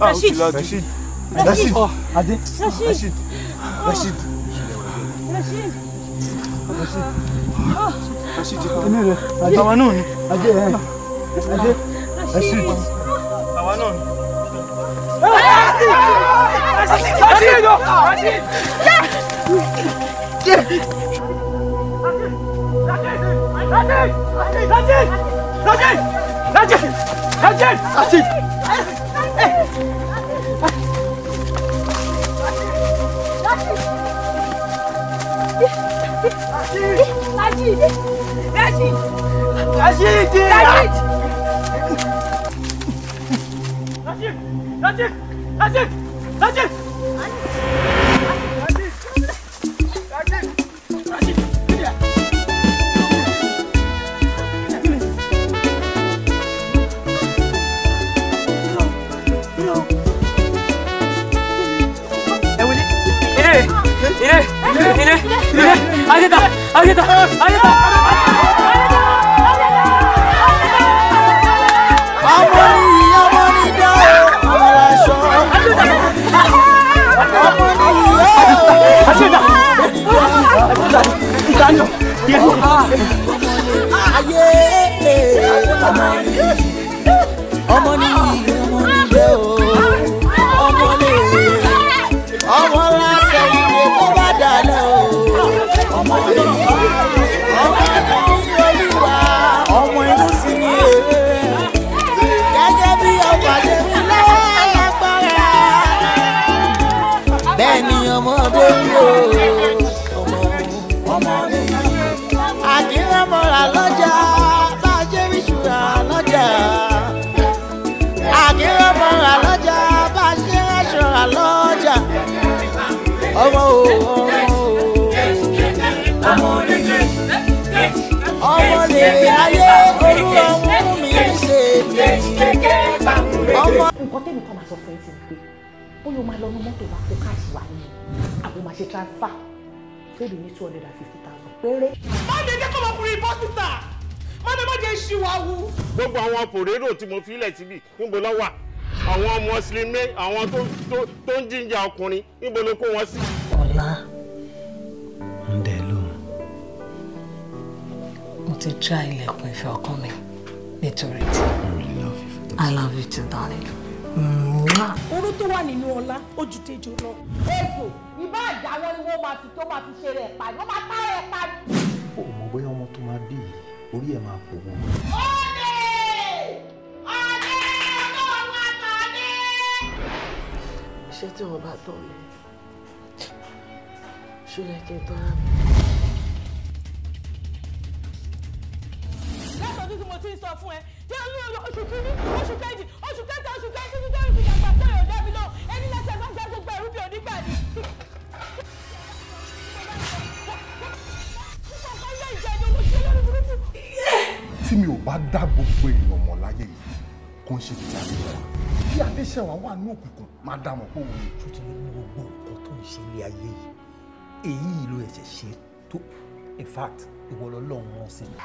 Ah, Rachid. Rachid. Rachid. Rachid. Oh, Adé. Rachid. Rachid. Rachid. Rachid. Rachid. Rachid. Tawanun. Adé. Adé. Rachid. Tawanun. Rachid. Rachid. Rachid. Rachid. Rachid. Rachid. Rachid. Rachid. Agite Agite ìrìn ayé olúwa mú mi ṣe mi. nǹkan tẹ́mi kan máa sọ fún ẹ ti pé ó yóò máa lọ ní mọ́tò wa kó káàṣì wà nínú àbò máa ṣe transfer fẹ́ẹ̀lì ní two hundred and fifty thousand péré. má lè jẹ́ kó ọmọkùnrin bọ́ síta má lè má jẹ́ ìṣìwà wu. gbogbo àwọn pòrérò tí mo fi ilẹ̀ síbi níbo ló wà àwọn mùsùlùmí àwọn tó ń jíjà ọkùnrin níbo ló kó wọn sí. ọ̀la. ti já ilẹ̀kùn ìfẹ́ ọkàn mi nítorí ti. I love you too darling. Oró tó wà nínú ọlá ó ju tejò lọ. Ejò ìbá àjáwọ́ ni wọ́n máa fi tó máa fi ṣe rẹ̀ pa ni wọ́n máa tá rẹ̀ pa ni. O mọ̀ bóyá ọmọ tó máa bí yìí, orí ẹ̀ máa pòwó. Ọ̀dẹ̀! Ọ̀dẹ̀ náà wà tọ́ni. Ṣé tí wọ́n bá tọ̀ mí? Ṣó yẹ kí n tọ́ra mi? látọ̀dún tí mo ti sọ fún ẹ tí ó ní oṣù kìíní oṣù kejì oṣù kẹta oṣù kẹta oṣù kẹta oṣù kẹta tó yọ̀ dábì lọ ẹni lẹ́sẹ̀ máa ń gbá gbogbo ẹ̀rú bí onígbà ni. tí mi ò bá dá gbogbo èèyàn mọ̀ láyé yìí kó ń ṣe ti àbí wa bí adéṣẹ́wà wà ní òkùnkùn máa dá mọ̀ pé òun. tó ti ní gbogbo nǹkan tó ń ṣe ilé ayé yìí èyí ló ẹ̀ṣẹ̀ ṣe tó in fact ìwọ lọ́lọ́run wọn sí mi.